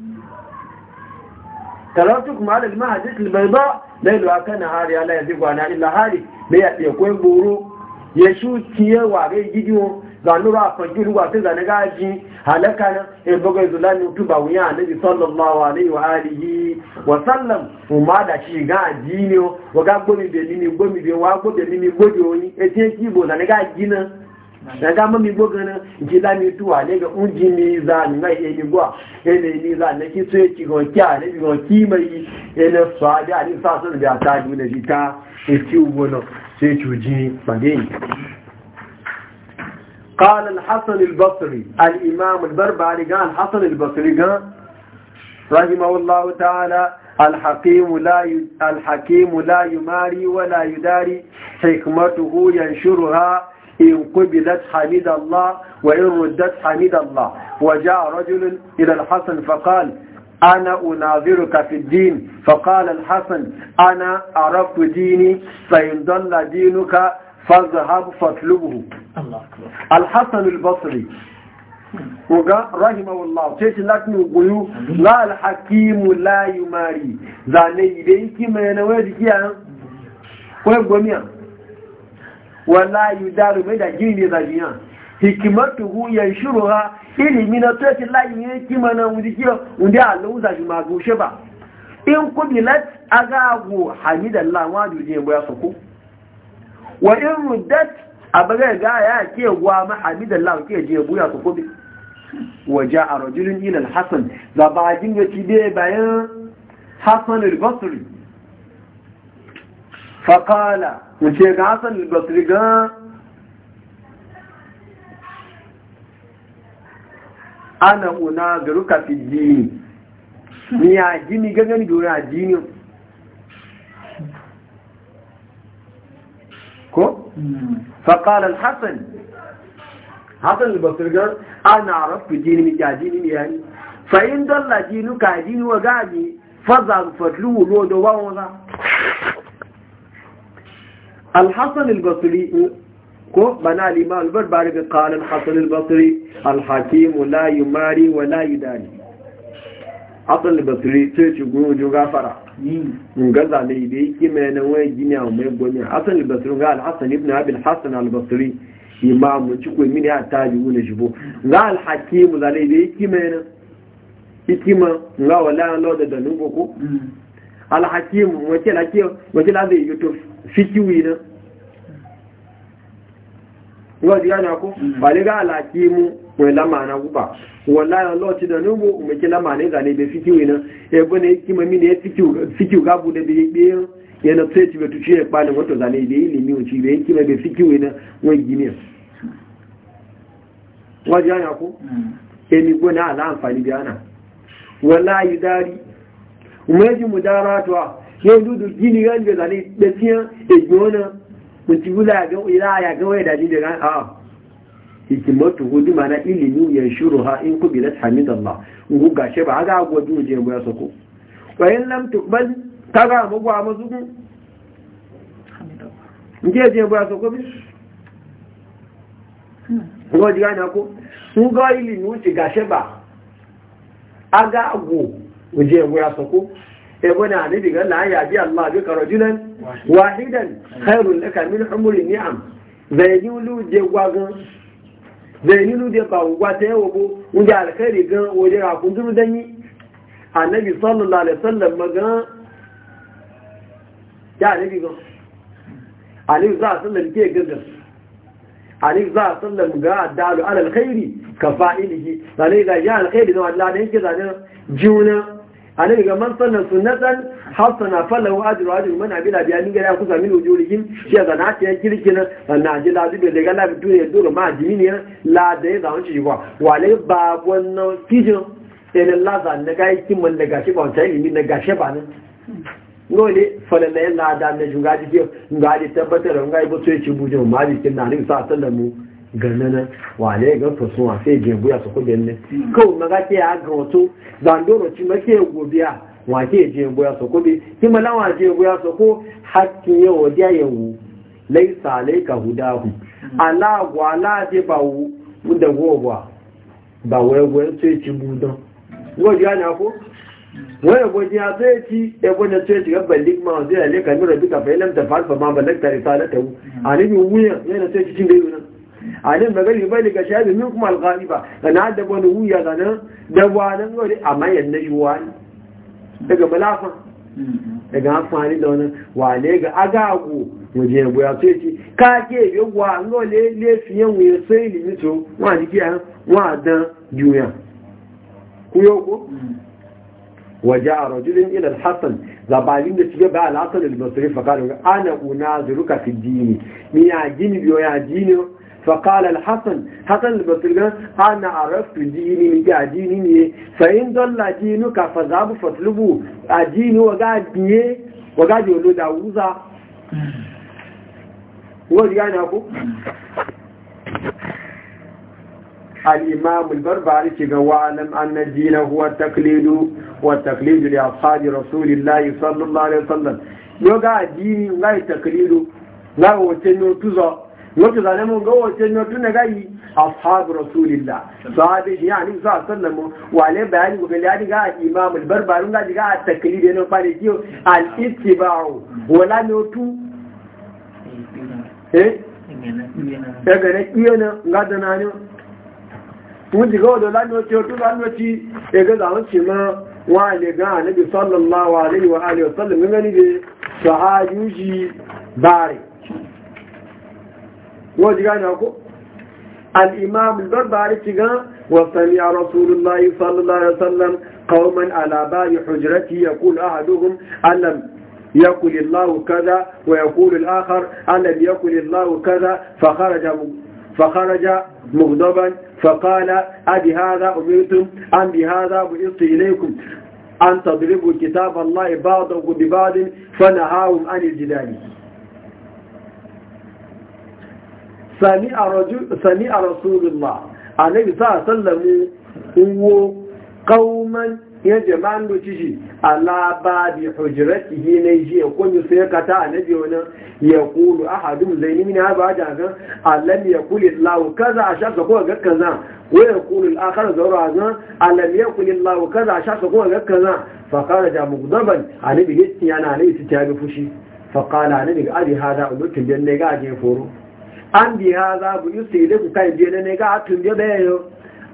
talautu kuma alal mahajis libai ba da ilwa kan hari ala ya zigwa na illa hari da ya tsaye kwayin boro ya shuci ya ware gidiyo zanura a fanki ruwa sai zane gaji halaka na in bagai zula ne mutu ba wuya a nabi sallallahu alaihi wa alihi wa sallam umma da shi ga addini wa ga gomi da nini gomi da wa gomi da nini gomi da wani etiyan kibo zane gaji na daga mami gogana gida mi tuwa ne ga unji mi za ni mai e mi gwa e ne mi za ne ki tsaye ki gon kya ne gon ki mai e ne swa da ni sa so da ta du ne jita e ki ubo no sai cuji bageni قال الحسن البصري الإمام البربري قال الحسن البصري قال رحمه الله تعالى الحكيم لا ي... الحكيم لا يماري ولا يداري حكمته ينشرها إن قبلت حميد الله وإن ردت حميد الله وجاء رجل إلى الحسن فقال أنا أناظرك في الدين فقال الحسن أنا أعرف ديني فإن ضل دينك فاذهب فاطلبه الحسن البصري وقال رحمه الله تيش لكن يقولوا لا الحكيم لا يماري ذا ليديك ما ينوي ذكيا ويقول مياه wala daru mai da gini ne zajiyan hikimatuhu ha ilimi na tsoci layi ne kima na wuzi kiyo wunde lauza shi ma shi ba in kubilat agago hamidallah wa duje mu ya soko wa in ruddat abaga ga ya ke gwa ma lawa ke je buya ya soko bi a rajulun ilal Hassan hasan da ba jin yaki ci bayan hasan al-basri faqala ce ga hassan basri gan ana una ruka fi dini ni a jini gangan dori a jini ko? faƙar al-hassan hassan al-basri gan ana rafi jini mi ga jini ya yi, fa'in dalla jini ka jini wa gaji faza fatlu lo da wawon za الحسن البصري ko bana lima albar bari ga kalan hasan basri alhakim la yumari wa la yudani hasan basri ce ci gudu gafara ga zalai da yake mai nan wai a mai gomi hasan basri ga alhasan ibn abi alhasan albasri imam ci ko mini a taji wuna shibo ga alhakim zalai da yake mai nan hikima ga wala Allah ko alhakimu wace la kiyo wace la zai yoto fikiwi na ngo diga na ko bale mm-hmm. ga alhakimu wai la mana Wala wallahi Allah ci da nubu mu kila mana e ga ne be fikiwi na mm-hmm. e bone kima mi ne fikiu fikiu ga bude be be yana tsaye ti betu ci e pa ne wato zane be ilimi o ci be kima be fikiwi na wai gini ngo diga na ko ni gbona ala anfani bi ana wallahi dari wọ́n mú dára tó à yóò dúdú yìí ni na ìgbà ní pẹ̀síyàn ègbò náà kò ìdájí rán àà mana ilimi ya shuru ha in ku in ku gashe ba aga agwa duje mu ya soko gwa a ya soko waje ya goya sako ibn ali diga la ya bi Allah bi karajulan wahidan khairul laka min umri ni'am zai yi lu je gwagan zai yi lu ba gwa ta yawo ko wajen alkhairi gan waje ra kun duru danyi annabi sallallahu alaihi wasallam magan ya annabi gan annabi za alaihi wasallam ke gaggawa عليه ذا سلم قاعد دالو على الخير كفائله عليه ذا جاء الخير نوع الله نيجي ذا juna. annabi ga man sannan sunnatan hasana falahu ajru ajru man abila biya ni gara kusa min ujurihim shi ga na ta kirkin na ji da zube daga la bitu dole ma ji ne la da ya zaun ci kwa wale ba wannan kijin ene la za ne ga kin man daga shi ba ta ilimi daga shi ba ne dole falalla yana da ne juga ga ji tabbatar ga ibo sai ci bujin ma ji kin na ni sa sallamu ganana wale ga fasun wa sai je buya su kudin ne kawai maga ke ya ga wato zandoro ci make gobiya wa ke je buya su kudi kima lawa je buya su ko hakkin yau wadiya yawo laisa alaika hudahu ala gwa ala je ba wu da gowa ba wai wai sai ci budan godiya na ko wani gwaji ya sai ci ya gwaji sai ci gabban ligma wanzu ya leka ka duka fa'ilan ta fa ma ta, balagta risalata wu a nemi wuyan yana sai ci cin da yi nan alim ba gani bai daga shafi min kuma alkhali ba na da wani wuya gana da wani wani a mayan na juwa ne daga balafa daga amfani da wani wale ga agago waje ya buya ce ce ka ke yi wa nole lefi yin wuyi sai limito wa jiki a wa juya kuyo ko waje a rajulun ilal hassan zabalin da shiga ba al'asar da limasarifa kanu ana unazuruka fi dini ya gini biyo ya jini? فقال الحسن حسن البصري hana عرفت ديني نجا ديني ني فان ضل دينك فذهب فاطلبه اديني وغا ديني وغا ديولو داوزا wani gane ku al'imamul barbari ke ga wa'alam an na dina huwa taklidu wa taklidu da sallallahu alaihi wasallam yau ga addini ga yi taklidu wato zane mun ga wace ne tun ga yi ashabu rasulillah sahabi shi ani sa sallamu wa le bayani ko ga ga imam al-barbaru ga ga taklid ne fare kiyo al-ittiba'u wala ne tu eh daga ne kiyo ne ga da nani mun ji ga wala ne tu tu ga ne ci e ga zan ci ma wa le ga annabi sallallahu alaihi wa alihi wa sallam ngani de sahabi Bari. wọ́n jí gáyà kó al’imamu bárbàrí ti gán wọ́n a sallallahu ala'adun kawoman alabari hujjirati ya kúlù ahadogun alam ya kúlù láwù wa ya kúlù láhar alam ya kúlù láwù kaza fakharaja mugdoban fakala abi haza umirtum an bi haza bu isu ilaikum an tadribu kitab Allah ibadan gubi badin fana hawun sami a rasulullah a nabi sa sallamu uwo kauman ya jama'an da ciki ala ba bi hujratihi ne ya kunyu sai kata annabi wani ya kulu ahadum zaini min a daga alam yakul illahu kaza ashaka a ga kaza wa yakul al-akhar a zan alam yakul illahu kaza ashaka ko ga a na kharaja mughdaban annabi yana ne ta yi fushi na, qala a ali hada mutum jan ne ga je foro an bi haza bu yusile ku ndị je ne ga atun je bayo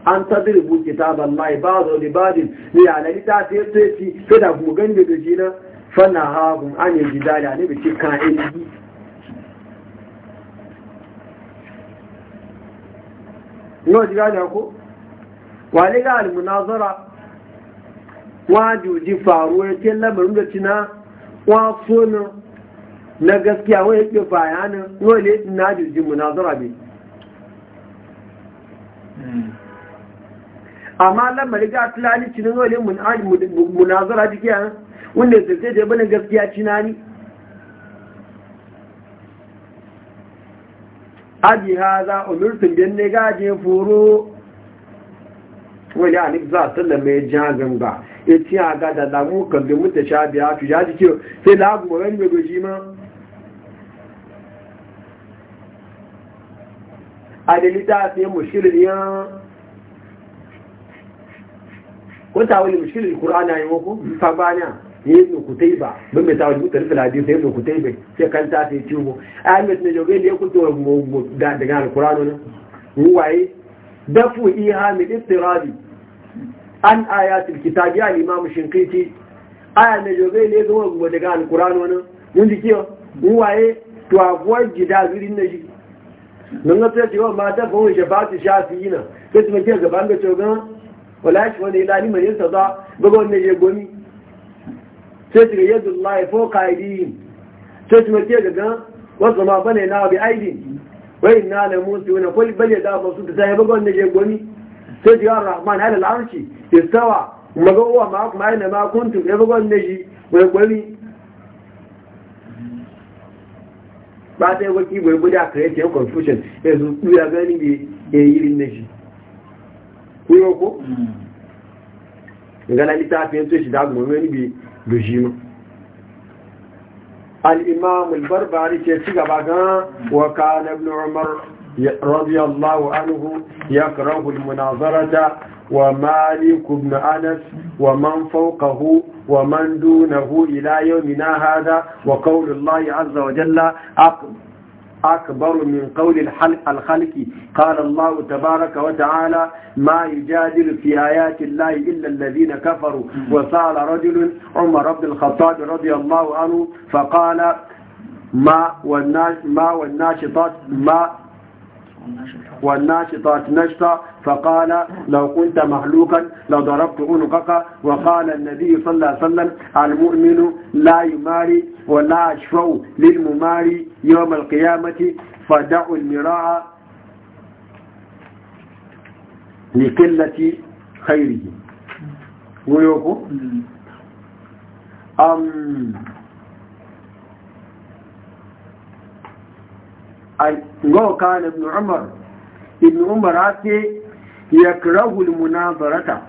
an tadribu kitab Allah ba'd li ba'd ni ala ita ce ce ci sai da ku gani da shi na fana ha an yi jidala ne e bi kan ilimi no jidala ko ga wa ke da wa na gaskiya wani yake bayanin wani na jirgin munazara ne amma lamarin ga tulani cinin wani munazara ya wanda sai da na gaskiya cinani abi haza umurtun bin ne gaje furo wani alif za a sallama mai jagin ba ya ci ga da damu kan bi mutashabiya tu ya ji kiyo sai labu mawani mai goji ma a da littafin mushkilar yan wata wani mushkilar ƙur'ana yi wako fabana ya yi nukutai ba don mai tawon mutar filadi sai nukutai bai sai kan ta fi ciwo a yi mai tunajogai da ya kuto daga alkurano nan ruwaye dafu iya mai istirabi an ayatul kitabi al imam shinkiti aya na jobe ne zo go daga alqur'ano na? mun ji kiyo ruwaye to avoid jidal irin ne nan na tsaye cewa mata fa wani shafati yi na sai su mace gaba ga cogan wala shi wani ilani mai yinsa za baga wani ya gomi sai su ga da Allah ya fo kaidi sai su mace gaba wasu ma bane na bi aidi wai na na musu wani kwali bane da ba su ta sai baga wani ya gomi sai su ga rahman halal arshi ya sawa uwa ma kuma aina ma kuntu. ya baga wani ya gomi ba sai waki bai guda create your confusion yanzu ya gani bi ya yi irin na shi kuyo ko gana littafin su shi dagu wani bi dujima al-imam al-barbari ce ci gaba ga wa kana ibn umar رضي الله عنه يكره المناظرة ومالك بن أنس ومن فوقه ومن دونه إلى يومنا هذا وقول الله عز وجل أكبر من قول الحلق الخلق قال الله تبارك وتعالى ما يجادل في آيات الله إلا الذين كفروا وسأل رجل عمر بن الخطاب رضي الله عنه فقال ما والناشطات ما والناشطات نشطا فقال لو كنت مهلوكا لضربت عنقك وقال النبي صلى الله عليه وسلم المؤمن لا يماري ولا يشفو للمماري يوم القيامة فدعوا المراء لقلة خيره ويوكو أم wa kana ibn umar ibn umar ake yakrahu almunazarata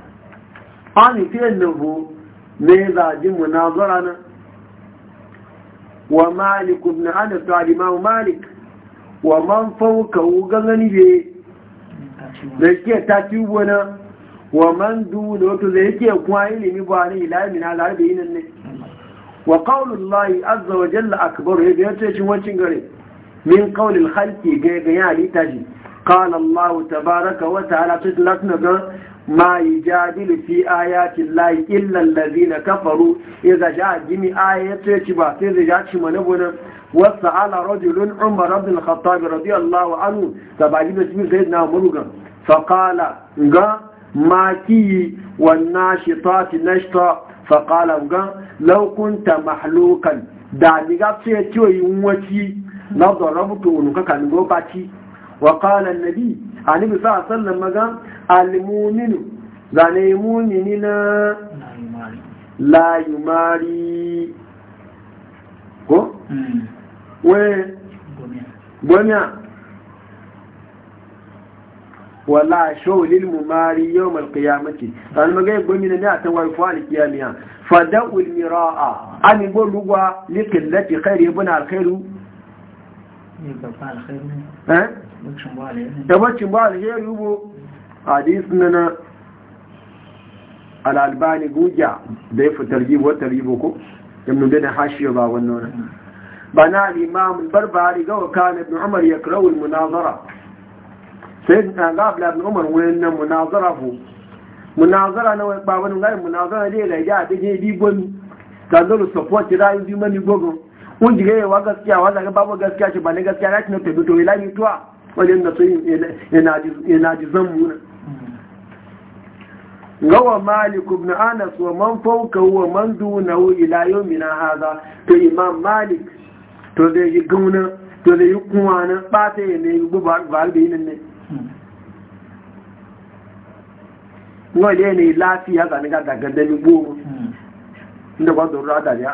ani fiyan nabu ne zaji munazara na wa malik ibn anas da imam malik wa man fawka gangani be da ke tafi ci wa man duna to da yake kuma ilimi ba ne ilimi na larabi nan ne wa qaulullahi azza wa jalla akbar ya ce cin wancin gare min qawlil khalqi ga ga ya li taji qala allah tabaaraka wa ta'ala tutlatna ga ma yujadilu fi ayati llahi illa alladhina kafaru idza ja'a jimi ayatu ci ba sai da ci mana bonan wasa ala rajulun umar ibn al radiyallahu anhu tabaji da shi sayyidina umar ga fa qala ga ma ki wan nashitati nashta fa qala ga law kunta mahlukan da diga sai ciwo yin waci na zarabutu wani kaka ni gobaci wa kala nabi a nabi sa a sallan maga almuninu zane munini na layumari ko? wee gbonya wala shawlil mumari yawm alqiyamati dan maga gomi ne a atan wa fa alqiyamiya fada'u almira'a an go lugwa li qillati khair ibn alkhairu eh da bacin ba ها؟ yubo hadisi na al'albani guja da ya fitar gibo wata ribo ko ibn bin hashiya ba wannan بنى الإمام البربري قال كان ابن عمر يكره المناظرة سيدنا قابل ابن عمر وين مناظرة فو مناظرة نو بابن غير مناظرة دي لا جاء تجي دي بن تدل سبوت راي دي من يبغون kun jiga yawa gaskiya wa zaga babu gaskiya ce ba ne gaskiya ya kinu tabi to ila ni tuwa wani da su yana ji zan muna gawa malik ibn anas wa man fauka wa man wa ila yawmina haza to imam malik to zai yi gauna to zai yi kuma na ɓata ya ne yi ba ba da yin ne wani ne lafiya ga ni ga daga ni goma hmm. inda ba da ya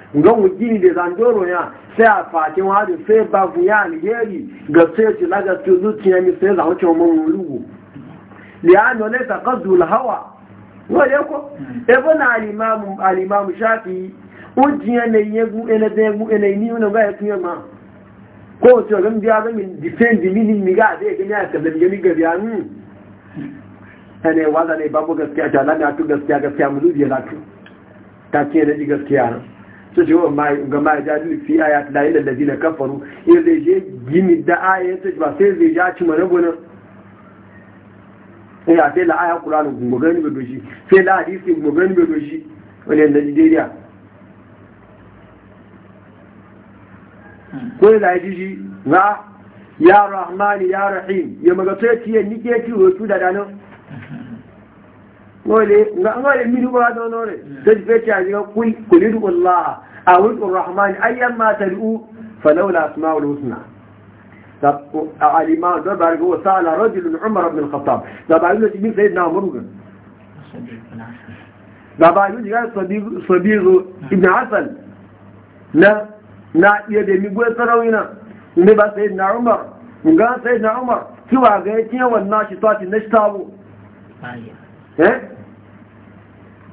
ga wujini da zandoro ya sai a fatin hadu sai ba ku ya alheri ga se ci laga su zuciya mi sai mu cewa mun lugu liyano ne ta kazu hawa wale ko hmm. ebe na alimamu alimamu shafi ujiya ne yegu ene da yegu ene ni una ga ya tuya ma ko to ga mi ga mi defend mi ni mi ga da ga ni a tabbata ga mi ga ya ni ene waza ne babu gaskiya ta lana tu gaskiya gaskiya mu zuciya latu ta ce da gaskiya su ce ga ma ja duk fi aya ta dalilin da zina kafaru ya zai je gini da aya ta ba sai zai ja ci mana gona sai eh, ya sai la aya qur'ani gungo gani bai doshi sai la hadisi gungo bai doshi wani yadda Nigeria ko zai jiji za ya rahmani ya rahim ya magato ya ciye nike ciwo su da danan wale ga amare mini ba da wani da ji fece a jiga kul kulidu Allah a wurin rahman ayyan ma tad'u falawla asma'ul husna الإمام دبر هو سأل رجل عمر بن الخطاب دبر له جميل سيدنا عمر بن دبر له قال صديق صديق ابن عسل لا لا يدي مبوي سراوينا نبا سيدنا عمر قال سيدنا عمر شو غايتين والناشطات نشتابوا طيب. ايه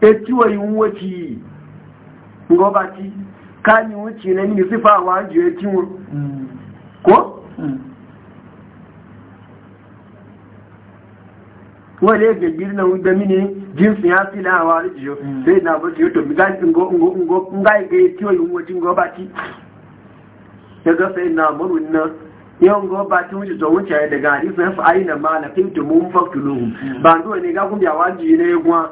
etiwa yiwuwa ci ngoba ci ka yiwu na ni sifa wa ji etiwa ko wale ya gajiri na wunda mini jinsu ya si na hawa rijiyo mm. sai na bata yoto mi ngo ngo ngo ga etiwa yiwuwa ci ngoba ya ga sai na na yawan ba ta wuce daga hadisun na ma na fi mm. ba e ne ga ne ya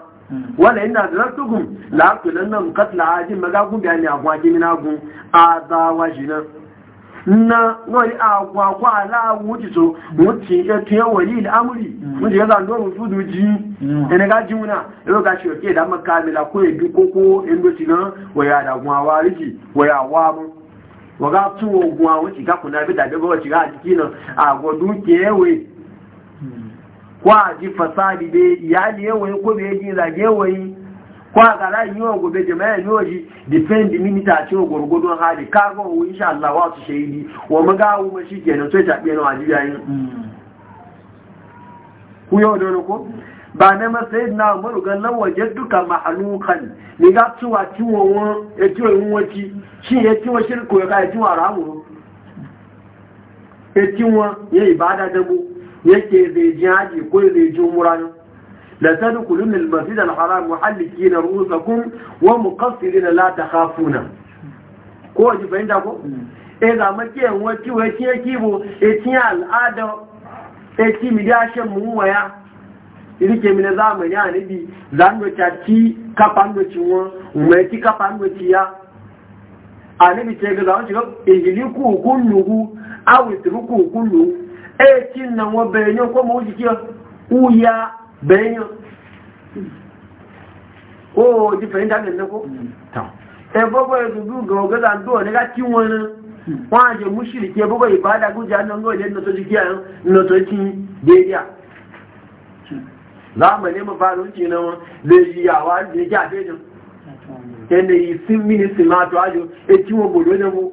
wala ina zartukum la aqtulan nan qatla ajin magagun bayani agwa jimina gun azawa jinan na ngori agwa kwa la wuti so wuti ya e tiya e wali al'amuri wuti ya zan do rutu duji mm. ene ga jiuna ero ga shi ke da makamila ko bi koko endo tinan waya da gun awariji waya wa mu waga tuwo gun awon ti ga kuna bi da be go ti ga dikina agwa duke we. wa ji fasadi be iyali yawai ko be ji zage yawai ko a gara yi wa gobe jama'a yi wa ji defend minita ce wa gwargwadon hali kago wa insha Allah wa su shaidi wa maga wa mashi kenan sai ta biyan wa jiya yin ku yau da wani ko ba na masai na marugan nan waje duka mahalukan ne ga tuwa ciwo ya ciwo yin waci shi ya ciwo shirko ya ga ya ciwo a ramu ya ciwo ya ibada dabo yake zai ji haji ko zai ji umrani la tadkhulun al masjid al haram muhallikin ru'usakum wa muqassirin la takhafuna ko ji fahimta ko hmm. e eh, ga make yan wati wa ki kibo e tin al'ada e ti mi da shan mu waya ke mi na zamani anabi zango ta ti kapango ci won mu ti kapango ci ya anabi ce ga zawon ci ga injili ku kulluhu aw kun kulluhu ekin nan wa bayanin ko mu jiki uya benyo. o ji ne ko ta e du go ga dan do ne ga ti won wa je ibada nan go no to no to ti ma ne ma faru ti na wa le ya wa de ja de ne yi sin ma to ajo e ti won ne mo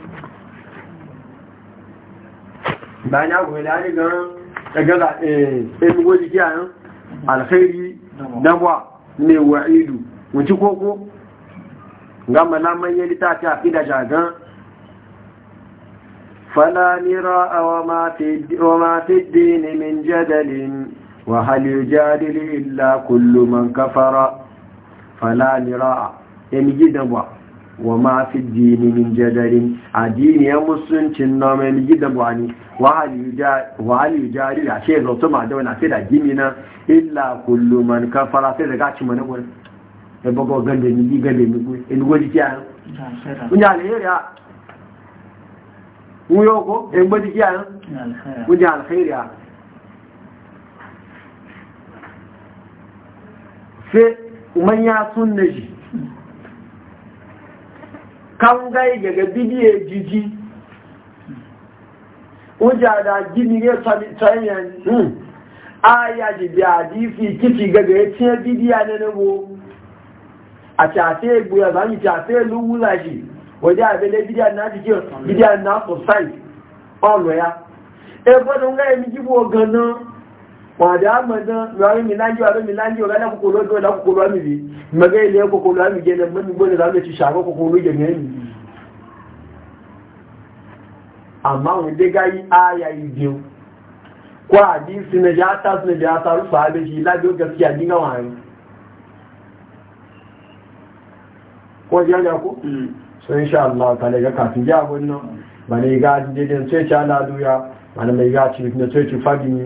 bayan ya kuma da ya gaza ɗaya eh, goji kiyayen alkhairi dabwa ne wa idu wuci koko gama naman yi litafi a fida jagan fana nira a wa mafi ne min jadalin wa halil jadili illa kullum kafara fana nira a yi gidan wa ma fi dini min jadarin addini ya musuncin nome ligi da bani wa a ce da wani da gimi illa kullu man kafara sai daga ci mana gwani ya bago gande ni gi gande ni gwani in kunya alheri ko in kunya alheri sai sun na shi kangai daga bidiye jiji uja da gini ya tsayen hmm. aya ji bi hadisi kici gaga ya ce bidiya na nabo a cafe buya za mu cafe lula shi waje na sosai ya ebe da nga ya bu ogana wàdí àmọ́dán rọrí mi lájú àrọ́ mi lájú ọ̀rẹ́ lákòókòrò ọdún lákòókòrò àmì rí mẹ́gẹ́ ilẹ̀ kòkòrò àmì jẹ́ lẹ́gbẹ́mí gbọ́nà láti ti ṣàkọ́ kòkòrò jẹ̀mẹ́ ẹ̀mì aya dégáyí ààyà ìdíun na àdí sinẹ̀já tásínẹ̀já sárúfà abẹ́jì lábẹ́ ó gẹ̀ẹ́sì àdínáwàárín kó jẹ́ ọjà kó hmm. sọ ń ṣàlọ́ àtàlẹ̀ gẹ́kà tí jẹ́ àwọn náà bà ní ìgá àti dédé tó ẹ̀kẹ́ aládúyà fagini